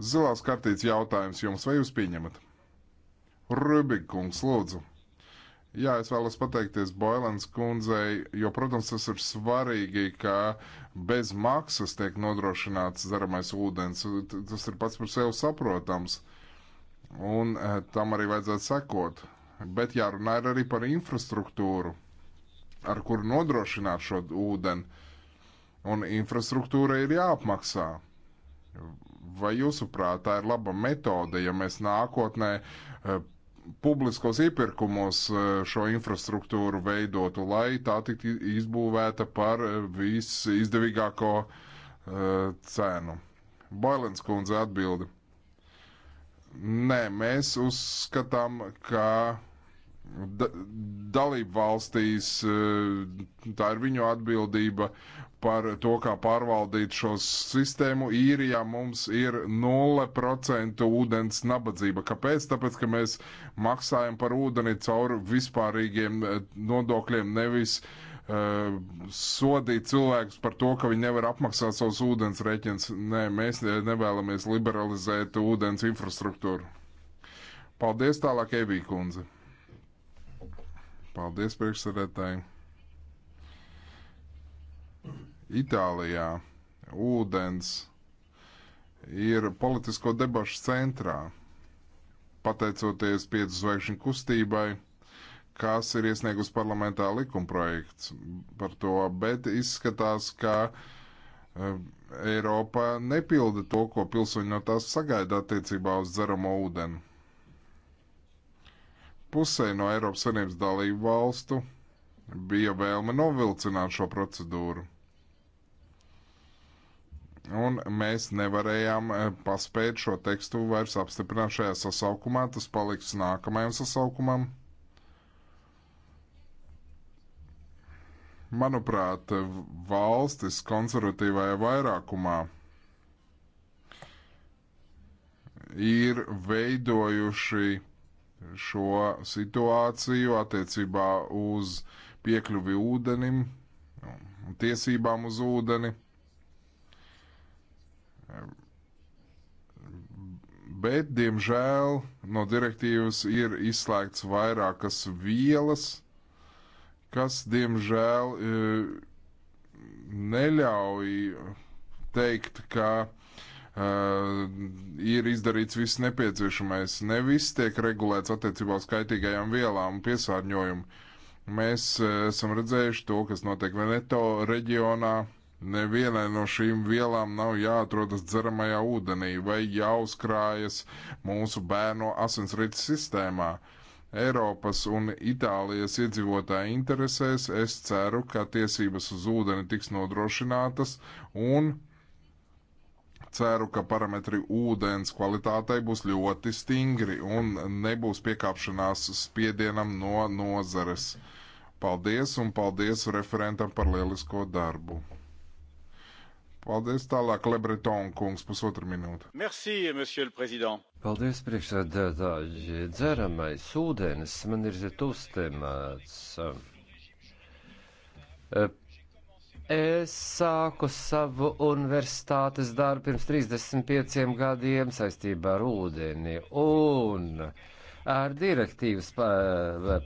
Zilās kartītes jautājums jums, vai jūs pieņemat? Rubik kungs, lūdzu. Jā, es vēlos pateikties Boilans kundzei, jo, protams, tas ir svarīgi, ka bez maksas tiek nodrošināts dzeramais ūdens. Tas ir pats par sevi saprotams. Un eh, tam arī vajadzētu sekot. Bet jārunā ir arī par infrastruktūru, ar kuru nodrošināt šo ūdeni. Un infrastruktūra ir jāapmaksā. Vai jūsuprāt, tā ir laba metode, ja mēs nākotnē eh, publiskos iepirkumos eh, šo infrastruktūru veidotu, lai tā tiktu izbūvēta par eh, visizdevīgāko eh, cenu. Bailens kundze atbildi. Nē, mēs uzskatām, ka da, dalību valstīs, eh, tā ir viņu atbildība par to, kā pārvaldīt šo sistēmu. Īrijā mums ir 0% ūdens nabadzība. Kāpēc? Tāpēc, ka mēs maksājam par ūdeni caur vispārīgiem eh, nodokļiem, nevis uh, sodīt cilvēkus par to, ka viņi nevar apmaksāt savus ūdens reķins. Nē, mēs nevēlamies liberalizēt ūdens infrastruktūru. Paldies tālāk, Evī kundze! Paldies, priekšsēdētāji. Itālijā ūdens ir politisko debašu centrā, pateicoties piecu zvaigžņu kustībai kas ir iesniegus parlamentā likumprojekts par to, bet izskatās, ka eh, Eiropa nepilda to, ko pilsoņi no tās sagaida attiecībā uz dzeramo ūdeni pusē no Eiropas Savienības dalību valstu bija vēlme novilcināt šo procedūru. Un mēs nevarējām eh, paspēt šo tekstu vairs apstiprināt šajā sasaukumā. Tas paliks nākamajam sasaukumam. Manuprāt, valstis konservatīvajā vairākumā ir veidojuši šo situāciju attiecībā uz piekļuvi ūdenim un nu, tiesībām uz ūdeni. Bet, diemžēl, no direktīvas ir izslēgts vairākas vielas, kas, diemžēl, eh, neļauj teikt, ka Uh, ir izdarīts viss nepieciešamais. Ne viss tiek regulēts attiecībā uz kaitīgajām vielām un piesārņojumu. Mēs uh, esam redzējuši to, kas notiek Veneto reģionā. Nevienai no šīm vielām nav jāatrodas dzeramajā ūdenī vai jāuzkrājas mūsu bērnu asinsrites sistēmā. Eiropas un Itālijas iedzīvotāju interesēs es ceru, ka tiesības uz ūdeni tiks nodrošinātas un ceru, ka parametri ūdens kvalitātei būs ļoti stingri un nebūs piekāpšanās spiedienam no nozares. Paldies un paldies referentam par lielisko darbu. Paldies tālāk, Lebreton kungs, pusotru minūtu.
Merci, monsieur le président. Paldies, priekšsēdētāji. Dzeramais ūdens man ir tūstemēts. Es sāku savu universitātes darbu pirms 35 gadiem saistībā ar ūdeni un ar direktīvas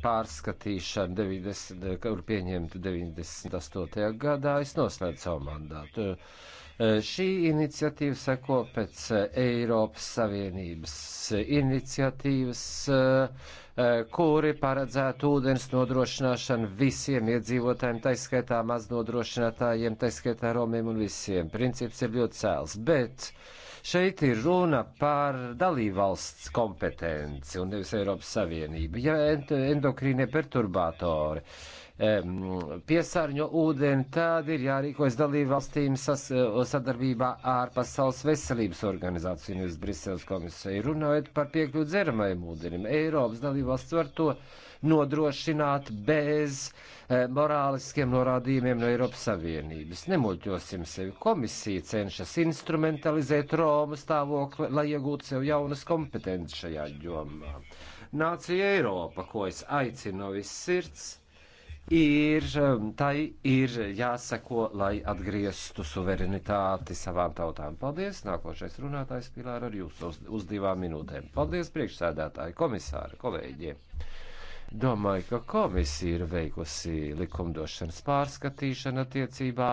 pārskatīšanu, 90, kur pieņemta 98. gadā, es noslēdzu savu mandātu. Uh, Eh, šī iniciatīva seko pēc eh, Eiropas Savienības iniciatīvas, eh, kuri paredzētu ūdens nodrošināšanu visiem iedzīvotājiem, taiskaitā maznodrošinātājiem, taiskaitā romiem un visiem. Princips ir ļoti cēls, bet šeit ir runa par dalībvalsts kompetenci un nevis Eiropas Savienību. Ja endokrīnie perturbātori piesārņo ūdeni, tad ir jārīkojas dalībvalstīm sadarbībā ar Pasaules veselības organizāciju, nevis Briseles komisiju. Runājot par piekļuvu dzeramajam ūdenim, Eiropas dalībvalsts var to nodrošināt bez e, morāliskiem norādījumiem no Eiropas Savienības. Nemuļķosim sevi. Komisija cenšas instrumentalizēt Romu stāvokli, lai iegūtu sev jaunas kompetences šajā jomā. Nācija Eiropa, ko es aicinu no viss sirds ir, um, tai ir jāseko, lai atgrieztu suverenitāti savām tautām. Paldies! Nākošais runātājs Pilāra ar jūs uz, uz divām minūtēm. Paldies, priekšsēdētāji, komisāri, kolēģi! Domāju, ka komisija ir veikusi likumdošanas pārskatīšanu attiecībā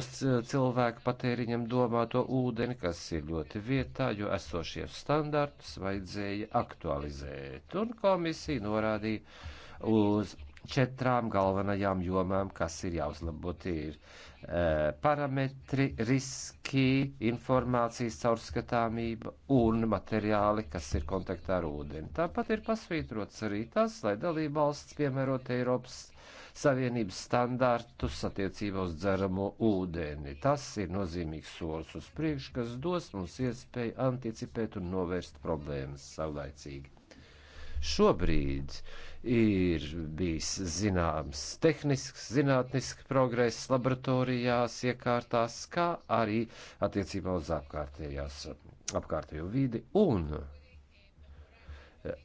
uz cilvēku patēriņam domāto ūdeni, kas ir ļoti vietā, jo esošie standartus vajadzēja aktualizēt. Un komisija norādīja uz četrām galvenajām jomām, kas ir jāuzlabo. Tie ir e, parametri, riski, informācijas caurskatāmība un materiāli, kas ir kontaktā ar ūdeni. Tāpat ir pasvītrots arī tas, lai dalībvalsts piemērot Eiropas Savienības standartus attiecībā uz dzeramo ūdeni. Tas ir nozīmīgs solis uz priekšu, kas dos mums iespēju anticipēt un novērst problēmas savlaicīgi. Šobrīd ir bijis zināms tehnisks, zinātnisks progress laboratorijās, iekārtās, kā arī attiecībā uz apkārtējo vidi un eh,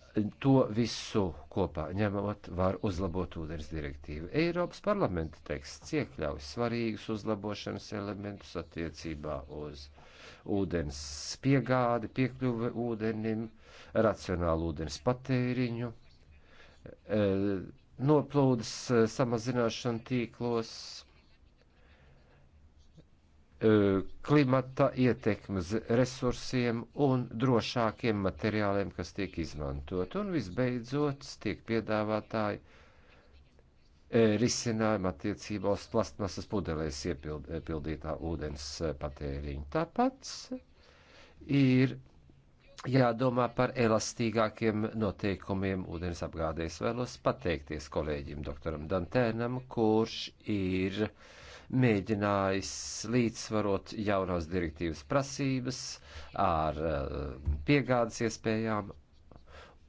to visu kopā ņemot var uzlabot ūdens direktīvu. Eiropas parlamenta teksts iekļauj svarīgus uzlabošanas elementus attiecībā uz ūdens piegādi, piekļuve ūdenim, racionālu ūdens patēriņu, e, noplūdes e, samazināšanu tīklos, e, klimata ietekmes resursiem un drošākiem materiāliem, kas tiek izmantot. Un visbeidzot, tiek piedāvātāji E, risinājumu attiecībā uz plastmasas pudelēs iepildītā e, ūdens e, patēriņu. Tāpat ir jādomā par elastīgākiem noteikumiem ūdens apgādēs. Vēlos pateikties kolēģim doktoram Dantēnam, kurš ir mēģinājis līdzsvarot jaunās direktīvas prasības ar piegādes iespējām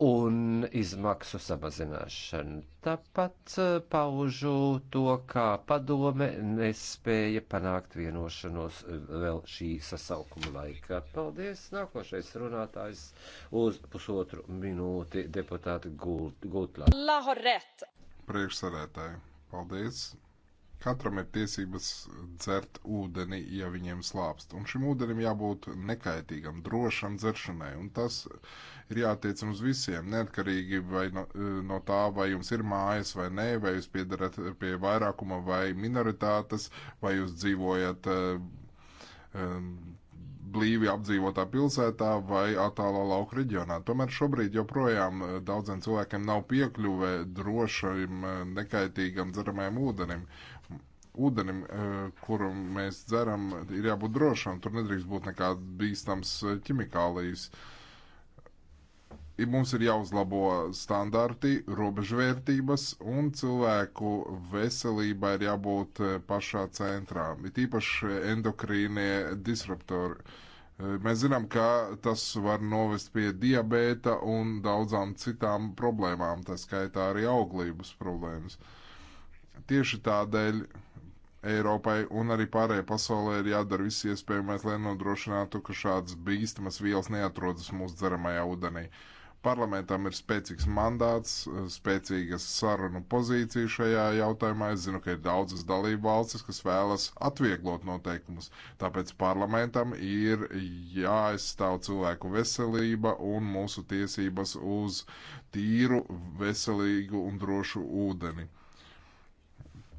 un izmaksu samazināšanu. Tāpat eh, paužu to, kā padome nespēja panākt vienošanos eh, vēl šī sasaukuma laikā. Paldies! Nākošais runātājs uz
pusotru minūti deputāti Gultlā. Priekšsarētāji, paldies! Katram ir tiesības dzert ūdeni, ja viņiem slāpst. Un šim ūdenim jābūt nekaitīgam, drošam dzeršanai. Un tas ir jātiecina uz visiem, neatkarīgi no, e, no tā, vai jums ir mājas vai nē, vai jūs piedarat pie vairākuma vai minoritātes, vai jūs dzīvojat um, blīvi apdzīvotā pilsētā vai attālā lauka reģionā. Tomēr šobrīd joprojām daudziem cilvēkiem nav piekļuve drošam, nekaitīgam dzeramajam ūdenim ūdenim, eh, kuru mēs dzeram, ir jābūt drošam. Tur nedrīkst būt nekāds bīstams eh, ķimikālijas. Mums ir jāuzlabo standarti, robežvērtības un cilvēku veselība ir jābūt eh, pašā centrā. Ir īpaši endokrīnie disruptori. Mēs zinām, ka tas var novest pie diabēta un daudzām citām problēmām, tā skaitā arī auglības problēmas. Tieši tādēļ Eiropai un arī pārējai pasaulē ir jādara viss iespējamais, lai nodrošinātu, ka šādas bīstamas vielas neatrodas mūsu dzeramajā ūdenī. Parlamentam ir spēcīgs mandāts, spēcīgas sarunu pozīcija šajā jautājumā. Es zinu, ka ir daudzas dalību valstis, kas vēlas atvieglot noteikumus. Tāpēc parlamentam ir jāaizstāv cilvēku veselība un mūsu tiesības uz tīru, veselīgu un drošu ūdeni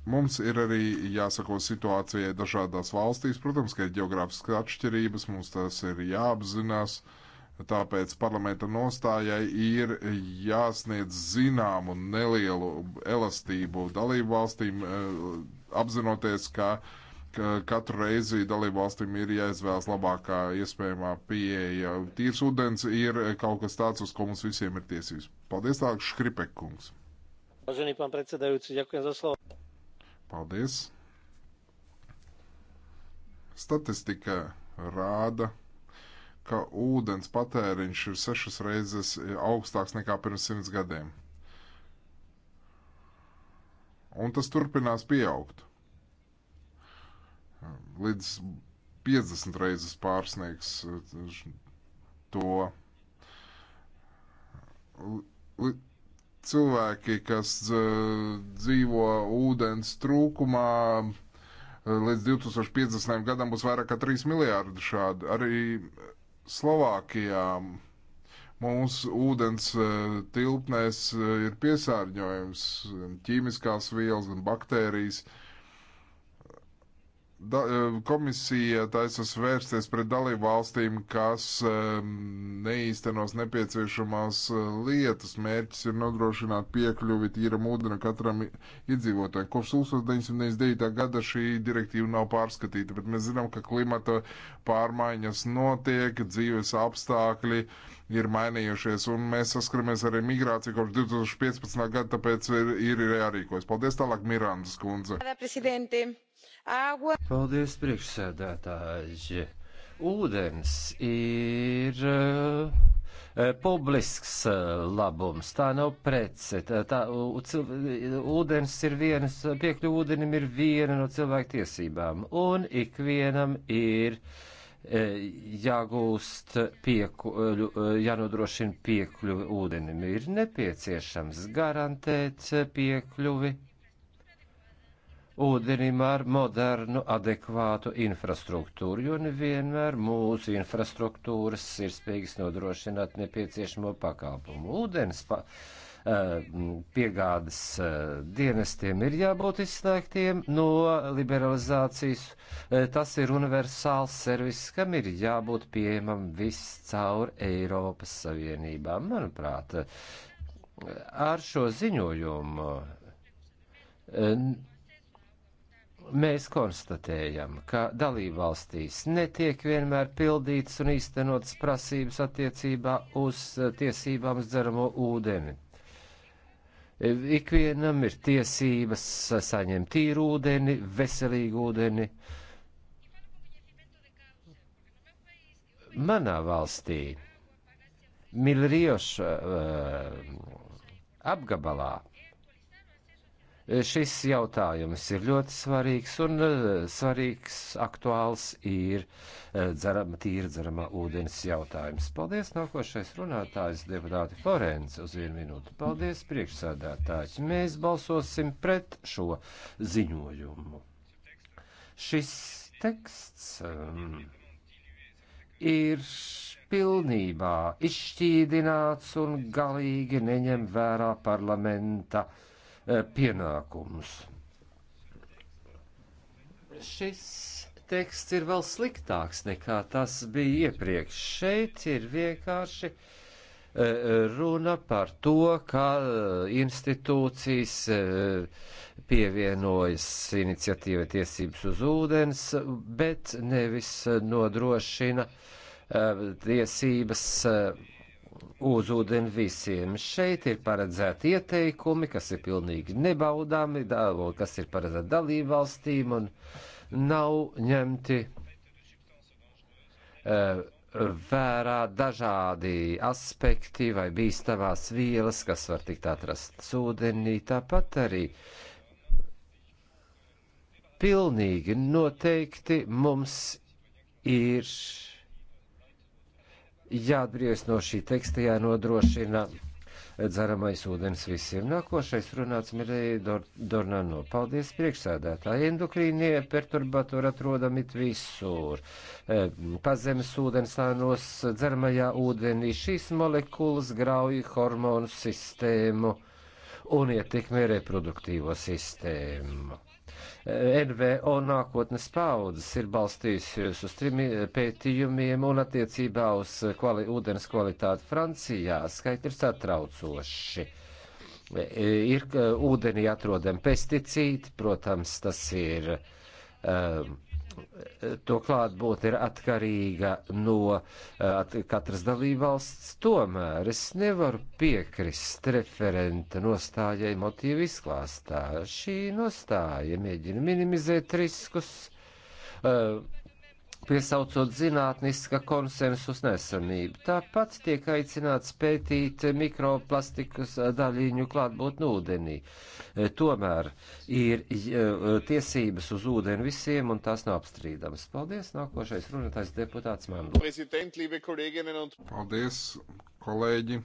Mums ir arī jāsako situācijai dažādās valstīs. Protams, ka ir geogrāfiskas atšķirības, mums tas ir jāapzinās. Tāpēc parlamenta nostājai ir jāsniedz zināmu nelielu elastību dalību valstīm, eh, apzinoties, ka, ka katru reizi dalību valstīm ir jāizvēlas labākā iespējamā pieeja. Tīrs ūdens ir kaut kas tāds, uz ko mums visiem ir tiesības. Paldies, tālāk, Škripekungs.
Vážený pán predsedajúci, ďakujem za slovo
Paldies! Statistika rāda, ka ūdens patēriņš ir sešas reizes augstāks nekā pirms simts gadiem. Un tas turpinās pieaugt. Līdz 50 reizes pārsniegs eh, to. L cilvēki, kas e, dzīvo ūdens trūkumā, e, līdz 2050. gadam būs vairāk kā 3 miljārdi šādi. Arī Slovākijā mūsu ūdens e, tilpnēs ir piesārņojums, ķīmiskās vielas un baktērijas. Uh, Da, e, komisija taisas vērsties pret dalību valstīm, kas e, neīstenos nepieciešamās e, lietas. Mērķis ir nodrošināt piekļuvi tīram ūdenim katram iedzīvotājiem. Kopš 1999. gada šī direktīva nav pārskatīta, bet mēs zinām, ka klimata pārmaiņas notiek, dzīves apstākļi ir mainījušies, un mēs saskaramies ar migrāciju kopš 2015. gada, tāpēc ir, ir jārīkojas. Paldies tālāk, Mirandas kundze. Paldies, Agua. Paldies, priekšsēdētāji.
Ūdens ir uh, publisks eh, labums, tā nav prece. Tā, tā, cilv, ūdens ir vienas, piekļuva ūdenim ir viena no cilvēku tiesībām, un ikvienam ir jāgūst piekļu, jānodrošina piekļuvi ūdenim. Ir nepieciešams garantēt piekļuvi ūdenim ar modernu, adekvātu infrastruktūru, jo nevienmēr mūsu infrastruktūras ir spējīgas nodrošināt nepieciešamo pakalpumu. Ūdens pa, eh, piegādes eh, dienestiem ir jābūt izslēgtiem no liberalizācijas. Eh, tas ir universāls servis, kam ir jābūt pieejamam viss caur Eiropas Savienībā. Manuprāt, ar šo ziņojumu mēs konstatējam, ka dalībvalstīs netiek vienmēr pildītas un īstenotas prasības attiecībā uz eh, tiesībām uz dzeramo ūdeni. Ikvienam ir tiesības saņemt tīru ūdeni, veselīgu ūdeni. Manā valstī, Milrioša uh, apgabalā, Šis jautājums ir ļoti svarīgs un e, svarīgs, aktuāls ir e, dzeram, tīra dzeramā ūdens jautājums. Paldies, nākošais runātājs, deputāti Florence, uz vienu minūti. Paldies, priekšsādātājs. Mēs balsosim pret šo ziņojumu. Šis teksts um, ir pilnībā izšķīdināts un galīgi neņem vērā parlamenta uh, Eh, pienākumus. Šis teksts ir vēl sliktāks nekā tas bija iepriekš. Šeit ir vienkārši eh, runa par to, ka eh, institūcijas pievienojas iniciatīva tiesības uz ūdens, bet nevis nodrošina tiesības uz ūdeni visiem. Šeit ir paredzēti ieteikumi, kas ir pilnīgi nebaudāmi, kas ir paredzēti dalībvalstīm un nav ņemti uh, vērā dažādi aspekti vai bīstamās vielas, kas var tikt atrastas ūdenī. Tāpat arī pilnīgi noteikti mums ir jāatbrīvojas no šī teksta, jānodrošina dzeramais ūdens visiem. Nākošais runāts Mirei Dor Dornano. Paldies priekšsēdētāji. Endokrīnie perturbatori atrodami visur. E, pazemes ūdensānos, dzeramajā ūdenī šīs molekulas grauj hormonu sistēmu un ietekmē reproduktīvo sistēmu NVO nākotnes paudzes ir balstījusies uz trim pētījumiem un attiecībā uz kvali ūdens kvalitāti Francijā. Skaitļi ir satraucoši. Ir ūdenī atrodami pesticīdi, protams, tas ir. Um, to klātbūt ir atkarīga no eh, at, katras dalībvalsts, tomēr es nevaru piekrist referenta nostājai motīvu izklāstā. Šī nostāja mēģina minimizēt riskus. Uh, piesaucot zinātniska konsensus nesamību. Tāpat tiek aicināts pētīt mikroplastikas daļiņu klātbūt ūdenī. E, tomēr ir e, tiesības uz ūdeni visiem, un tās nav apstrīdamas. Paldies,
nākošais runātājs deputāts Mandl. Paldies, kolēģi!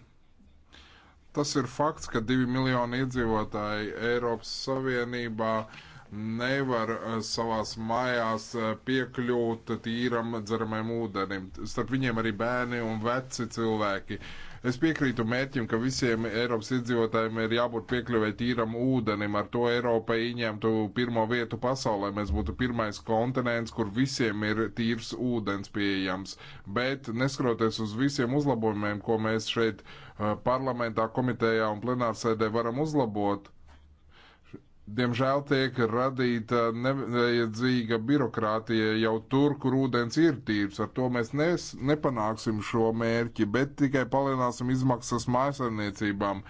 Tas ir fakts, ka divi miljoni iedzīvotāji Eiropas Savienībā uh, nevar eh, savās mājās eh, piekļūt tīram dzeramajam ūdenim. Starp viņiem arī bērni un veci cilvēki. Es piekrītu mērķim, ka visiem Eiropas iedzīvotājiem ir jābūt piekļuvē tīram ūdenim. Ar to Eiropa ieņemtu pirmo vietu pasaulē. Mēs būtu pirmais kontinents, kur visiem ir tīrs ūdens pieejams. Bet neskroties uz visiem uzlabojumiem, ko mēs šeit eh, parlamentā, komitejā un plenārsēdē varam uzlabot, Diemžēl tiek radīta nevajadzīga birokrātija jau tur, kur ūdens ir tīrs. Ar to mēs nes, nepanāksim šo mērķi, bet tikai palielināsim izmaksas mājasaimniecībām,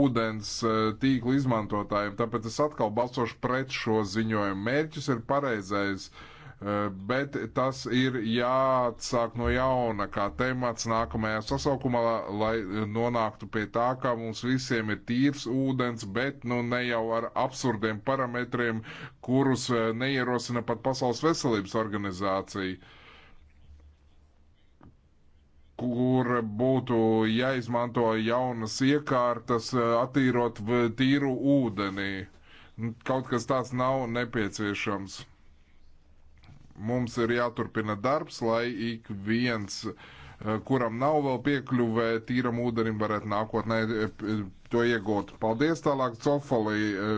ūdens eh, tīkla izmantotājiem. Tāpēc es atkal balsošu pret šo ziņojumu. Mērķis ir pareizais. Uh, Eh, bet tas ir jāatsāk no jauna kā temats nākamajā sasaukumā, lai nonāktu pie tā, ka mums visiem ir tīrs ūdens, bet nu ne jau ar absurdiem parametriem, kurus eh, neierosina pat Pasaules veselības organizācija kur būtu jāizmanto jaunas iekārtas, eh, attīrot tīru ūdenī. Kaut kas tāds nav nepieciešams. Mums ir jāturpina darbs, lai ik viens, eh, kuram nav vēl piekļuvē tīram ūdenim, varētu nākotnē eh, to iegūt. Paldies tālāk, Cofalī, eh,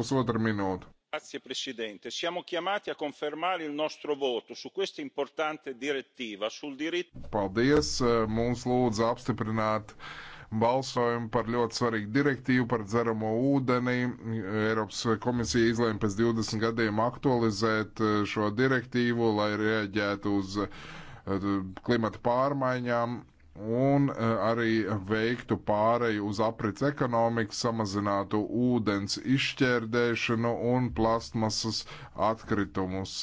pusotra minūte. Grazie Presidente, siamo chiamati a confermare il nostro voto su questa importante direttiva sul diritto. Paldies, mums lūdzu apstiprināt uh, balsojumu par ļoti svarīgu direktīvu par dzeramo ūdeni. Eiropas komisija izlēma pēc 20 gadiem aktualizēt eh, šo direktīvu, lai rēģētu uz eh, klimata pārmaiņām un eh, arī veiktu pāreju uz aprits ekonomiku, samazinātu ūdens izšķērdēšanu un plastmasas atkritumus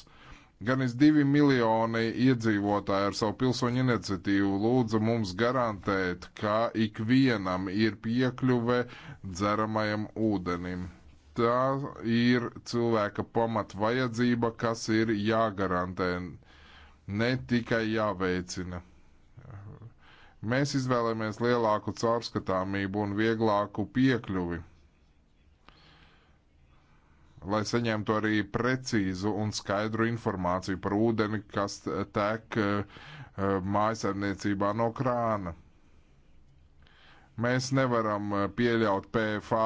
Gan es divi miljoni iedzīvotāji ar savu pilsoņu iniciatīvu lūdza mums garantēt, ka ikvienam ir piekļuve dzeramajam ūdenim. Tā ir cilvēka pamat vajadzība, kas ir jāgarantē, ne tikai jāveicina. Mēs izvēlamies lielāku caurskatāmību un vieglāku piekļuvi lai saņemtu arī precīzu un skaidru informāciju par ūdeni, kas tek eh, mājasemniecībā no krāna. Mēs nevaram eh, pieļaut PFA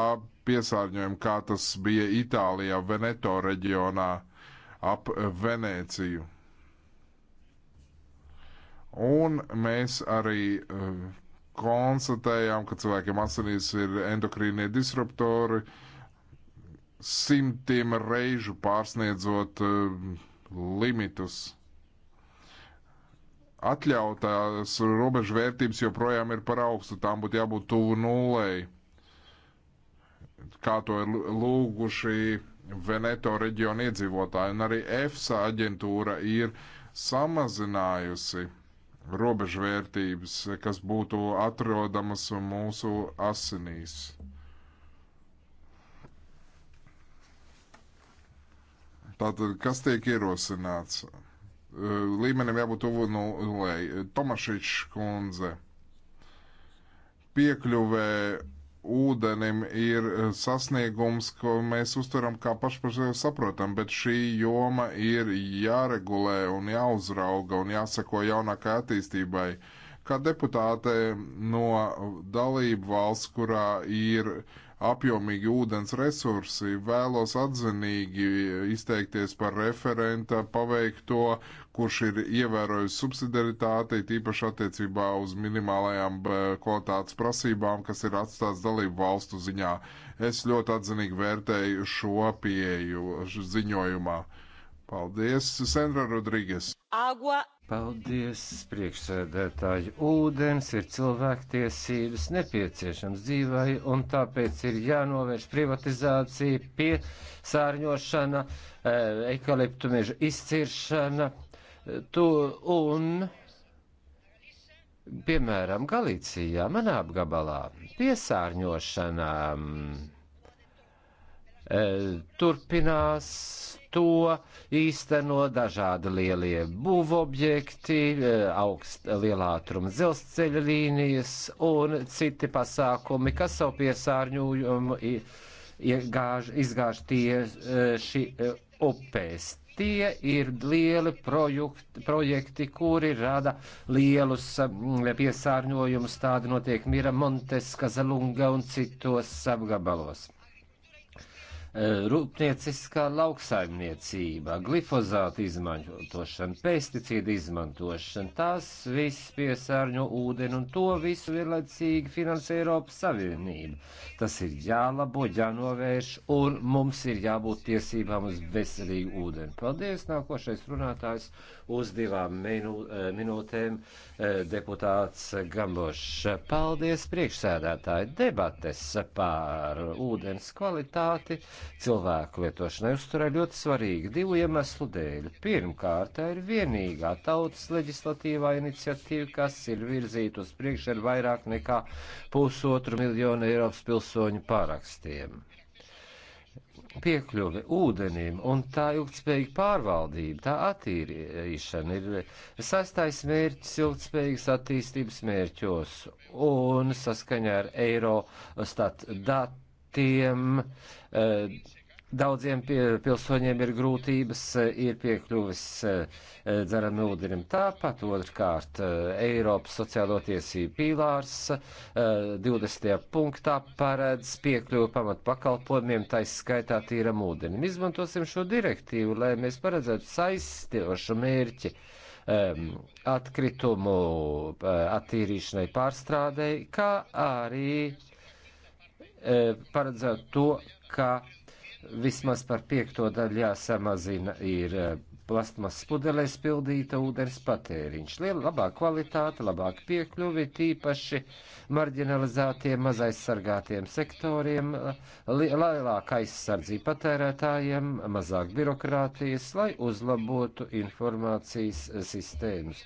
piesārņojumu, kā tas bija Itālijā, Veneto reģionā ap Venēciju. Un mēs arī eh, konstatējām, ka cilvēkiem asinīs ir endokrīnie disruptori, uh, simtiem reižu pārsniedzot eh, limitus. Atļautās robežu vērtības joprojām ir par augstu, tām būtu jābūt tuvu nulēji, kā to ir lūguši Veneto reģiona iedzīvotāji, un arī EFSA aģentūra ir samazinājusi robežvērtības, kas būtu atrodamas mūsu asinīs. Tātad, kas tiek ierosināts? E, līmenim jābūt tuvu nulēji. Tomašiņš kundze. Piekļuvē ūdenim ir sasniegums, ko mēs uztveram kā pašpašai saprotam, bet šī joma ir jāregulē un jāuzrauga un jāsako jaunākai attīstībai. Kā deputāte no dalību valsts, kurā ir uh, apjomīgi ūdens resursi, vēlos atzinīgi izteikties par referenta paveikto, kurš ir ievērojis subsidiaritāti, tīpaši attiecībā uz minimālajām eh, kvalitātes prasībām, kas ir atstāts dalību valstu ziņā. Es ļoti atzinīgi vērtēju šo pieeju ziņojumā. Paldies, Sandra Rodrīgas. Agua. Paldies, priekšsēdētāji. Ūdens ir cilvēktiesības
nepieciešams dzīvai, un tāpēc ir jānovērš privatizācija, piesārņošana, eikaliptu eh, meža izciršana. Tu un piemēram, Galīcijā, manā apgabalā, piesārņošana e, eh, turpinās to īsteno dažādi lielie būvobjekti, e, augst, lielā ātruma dzelzceļa līnijas un citi pasākumi, kas savu piesārņojumu iegāž, izgāž tieši e, e, upēs. Tie ir lieli projekti, projekti kuri rada lielus mm, piesārņojumus. Tādi notiek Mira Montes, Kazalunga un citos apgabalos rūpnieciskā lauksaimniecība, glifozāta izmantošana, pesticīdu izmantošana, tās viss piesārņo ūdeni un to visu vienlaicīgi finansē Eiropas Savienība. Tas ir jālabo, jānovērš un mums ir jābūt tiesībām uz veselīgu ūdeni. Paldies, nākošais runātājs uz divām minu, eh, minūtēm eh, deputāts Gambošs. Paldies, priekšsēdētāji, debates par ūdens kvalitāti. Uh, cilvēku lietošanai uzturē ļoti svarīga divu iemeslu dēļ. Pirmkārt, tā ir vienīgā tautas leģislatīvā iniciatīva, kas ir virzīta uz priekšu ar vairāk nekā pusotru miljonu Eiropas pilsoņu parakstiem. Piekļuve ūdenim un tā ilgtspējīga pārvaldība, tā attīrīšana ir sastais mērķis ilgtspējīgas attīstības mērķos un saskaņā ar Eirostat datu tiem eh, daudziem pilsoņiem ir grūtības, eh, ir piekļuvis eh, dzeram ūdenim. Tāpat otrkārt Eiropas sociālo tiesību pīlārs 20. punktā paredz piekļuvi pamat pakalpojumiem, taisa skaitā tīram ūdenim. Izmantosim šo direktīvu, lai mēs paredzētu saistiošu mērķi ehm, atkritumu attīrīšanai pārstrādēji, kā arī E, paredzētu to, ka vismaz par piekto daļu jāsamazina ir e, plasmas pudelēs pildīta ūdens patēriņš. Liela labāka kvalitāte, labāka piekļuvi tīpaši marginalizētiem, mazaizsargātiem sektoriem, lielāka aizsardzība patērētājiem, mazāk birokrātijas, lai uzlabotu informācijas sistēmas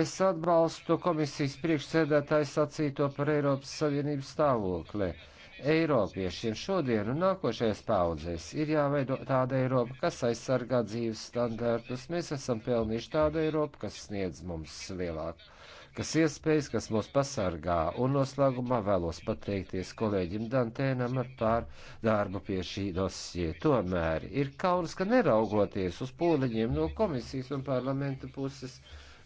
Es atbalstu komisijas priekšsēdētāju sacīto par Eiropas Savienības stāvokli. Eiropiešiem šodien un nākošais paudzēs ir jāveido tāda Eiropa, kas aizsargā dzīves standārtus. Mēs esam pelnījuši tādu Eiropu, kas sniedz mums lielāku, kas iespējas, kas mūs pasargā. Un noslēgumā vēlos pateikties kolēģim Dantēnam par darbu pie šī dosie. Tomēr ir kauns, ka neraugoties uz pūliņiem no komisijas un parlamenta puses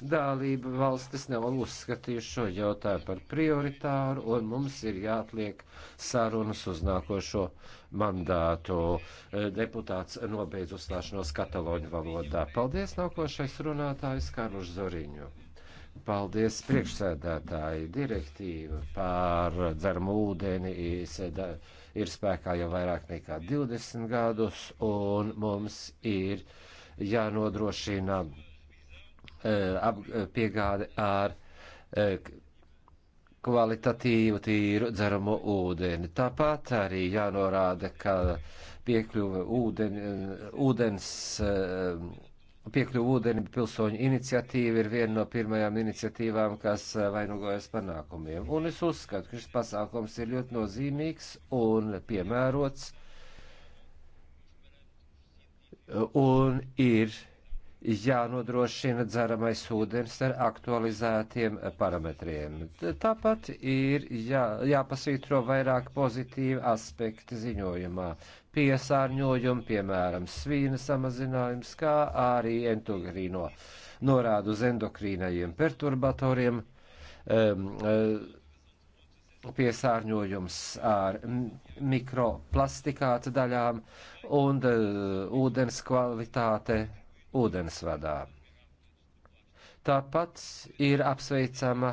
dalība valstis nav uzskatījuši šo jautājumu par prioritāru, un mums ir jāatliek sarunas uz nākošo mandātu. E, Deputāts nobeidz uzstāšanos kataloņu valodā. Paldies nākošais runātājs Karuš Zoriņu. Paldies priekšsēdētāji. Direktīva par dzermu ūdeni īsēdā ir spēkā jau vairāk nekā 20 gadus, un mums ir jānodrošina Eh, ap, eh, piegādi ar eh, kvalitatīvu tīru dzeramo ūdeni. Tāpat arī jānorāda, ka piekļuve ūdeni, ūdens, piekļuve ūdeni pilsoņu iniciatīva ir viena no pirmajām iniciatīvām, kas vainagojas panākumiem. Un es uzskatu, ka šis pasākums ir ļoti nozīmīgs un piemērots un ir jānodrošina dzeramais ūdens ar aktualizētiem parametriem. Tāpat ir jā, jāpasvītro vairāk pozitīvi aspekti ziņojumā. Piesārņojumi, piemēram, svīna samazinājums, kā arī endokrīno norādu uz endokrīnajiem perturbatoriem. Um, um, piesārņojums ar mikroplastikāta daļām un uh, ūdens kvalitāte ūdensvadā. Tāpat ir apsveicama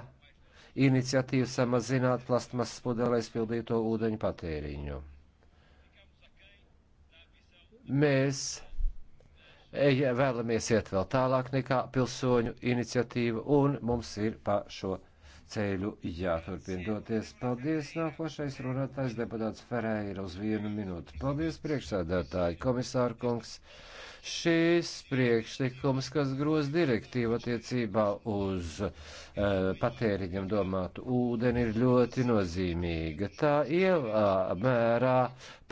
iniciatīva samazināt plastmasas pudelē izpildīto ūdeņu patēriņu. Mēs e, vēlamies iet vēl tālāk nekā pilsoņu iniciatīva, un mums ir pa šo ceļu jāturpina doties. Paldies, nākošais runātājs deputāts Ferēra uz vienu minūti. Paldies, priekšsādātāji, komisāra kungs. Šīs priekšlikums, kas groz direktīvu attiecībā uz uh, patēriņam domātu ūdeni, ir ļoti nozīmīga. Tā ielā mērā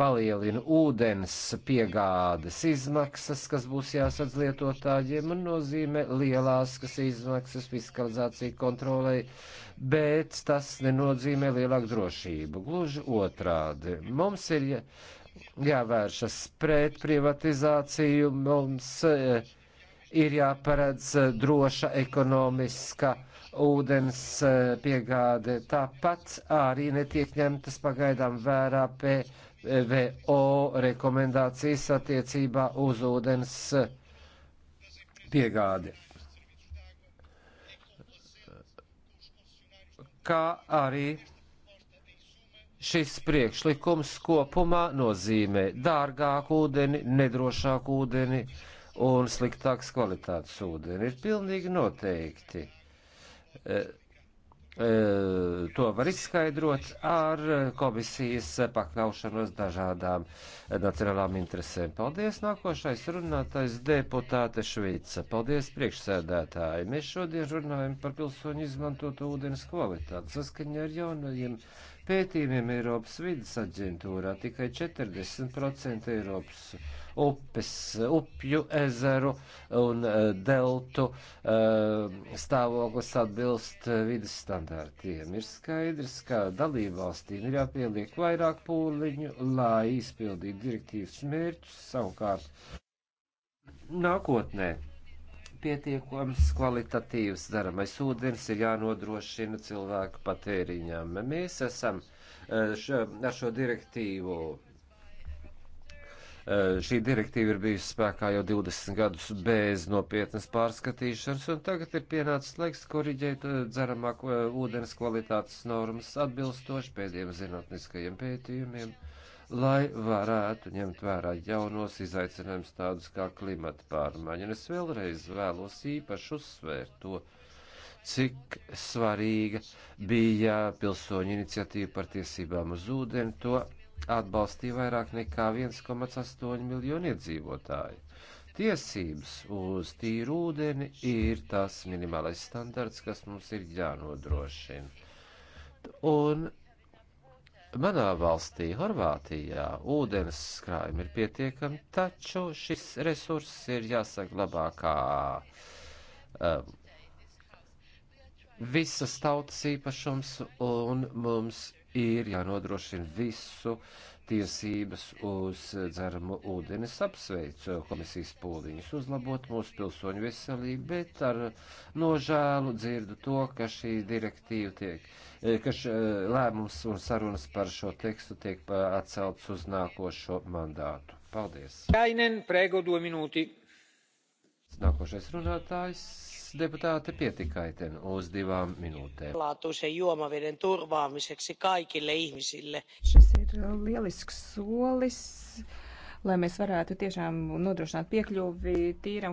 palielina ūdens piegādes izmaksas, kas būs jāsadz lietotājiem un nozīmē lielās, kas izmaksas fiskalizācija kontrolai, bet tas nenozīmē lielāku drošību. Gluži otrādi. Mums ir jāvēršas pret privatizāciju, mums eh, ir jāparedz eh, droša ekonomiska ūdens eh, piegāde. Tāpat arī netiek ņemtas pagaidām vērā pie E VO rekomendācijas attiecībā uz ūdens piegādi. Kā arī šis priekšlikums kopumā nozīmē dārgāku ūdeni, nedrošāku ūdeni un sliktāks kvalitātes ūdeni. Ir pilnīgi noteikti. Uh, Eh, to var izskaidrot ar eh, komisijas pakļaušanos dažādām eh, nacionālām interesēm. Paldies, nākošais runātais deputāte Šveica. Paldies, priekšsēdētāji. Mēs šodien runājam par pilsoņu izmantotu ūdens kvalitāti. Saskaņā ar jaunajiem pētījumiem Eiropas vidas aģentūrā tikai 40% Eiropas upes, upju, ezeru un eh, deltu eh, stāvoklis atbilst eh, vidas standārtiem. Ir skaidrs, ka dalībvalstīm ir jāpieliek vairāk pūliņu, lai izpildītu direktīvas mērķus savukārt nākotnē pietiekams kvalitatīvs daramais ūdens ir jānodrošina cilvēku patēriņam. Mēs esam š, ar šo direktīvu Eh, šī direktīva ir bijusi spēkā jau 20 gadus bez nopietnas pārskatīšanas, un tagad ir pienācis laiks koriģēt eh, dzeramā eh, ūdens kvalitātes normas atbilstoši pēdējiem zinātniskajiem pētījumiem, lai varētu ņemt vērā jaunos izaicinājumus tādus kā klimata pārmaiņa. Un es vēlreiz vēlos īpaši uzsvērt to, cik svarīga bija pilsoņu iniciatīva par tiesībām uz ūdeni, to atbalstīja vairāk nekā 1,8 miljonu iedzīvotāju. Tiesības uz tīru ūdeni ir tas minimālais standarts, kas mums ir jānodrošina. Un manā valstī, Horvātijā, ūdens krājumi ir pietiekami, taču šis resurss ir jāsaglabā kā um, visas tautas īpašums, un mums ir jānodrošina visu tiesības uz dzeramu ūdeni. Es apsveicu komisijas pūliņus uzlabot mūsu pilsoņu veselību, bet ar nožēlu dzirdu to, ka šī direktīva tiek, ka š, lēmums un sarunas par šo tekstu tiek atcelts uz nākošo mandātu. Paldies! Kainen, prego, divi minūti! Nākošais runātājs Vārds deputāte Pietikaiten uz divām minūtēm.
juomavieden turvaamiseksi kaikille ihmisille. Šis ir
uh, lielisks
solis, lai mēs varētu tiešām nodrošināt piekļuvi tīram.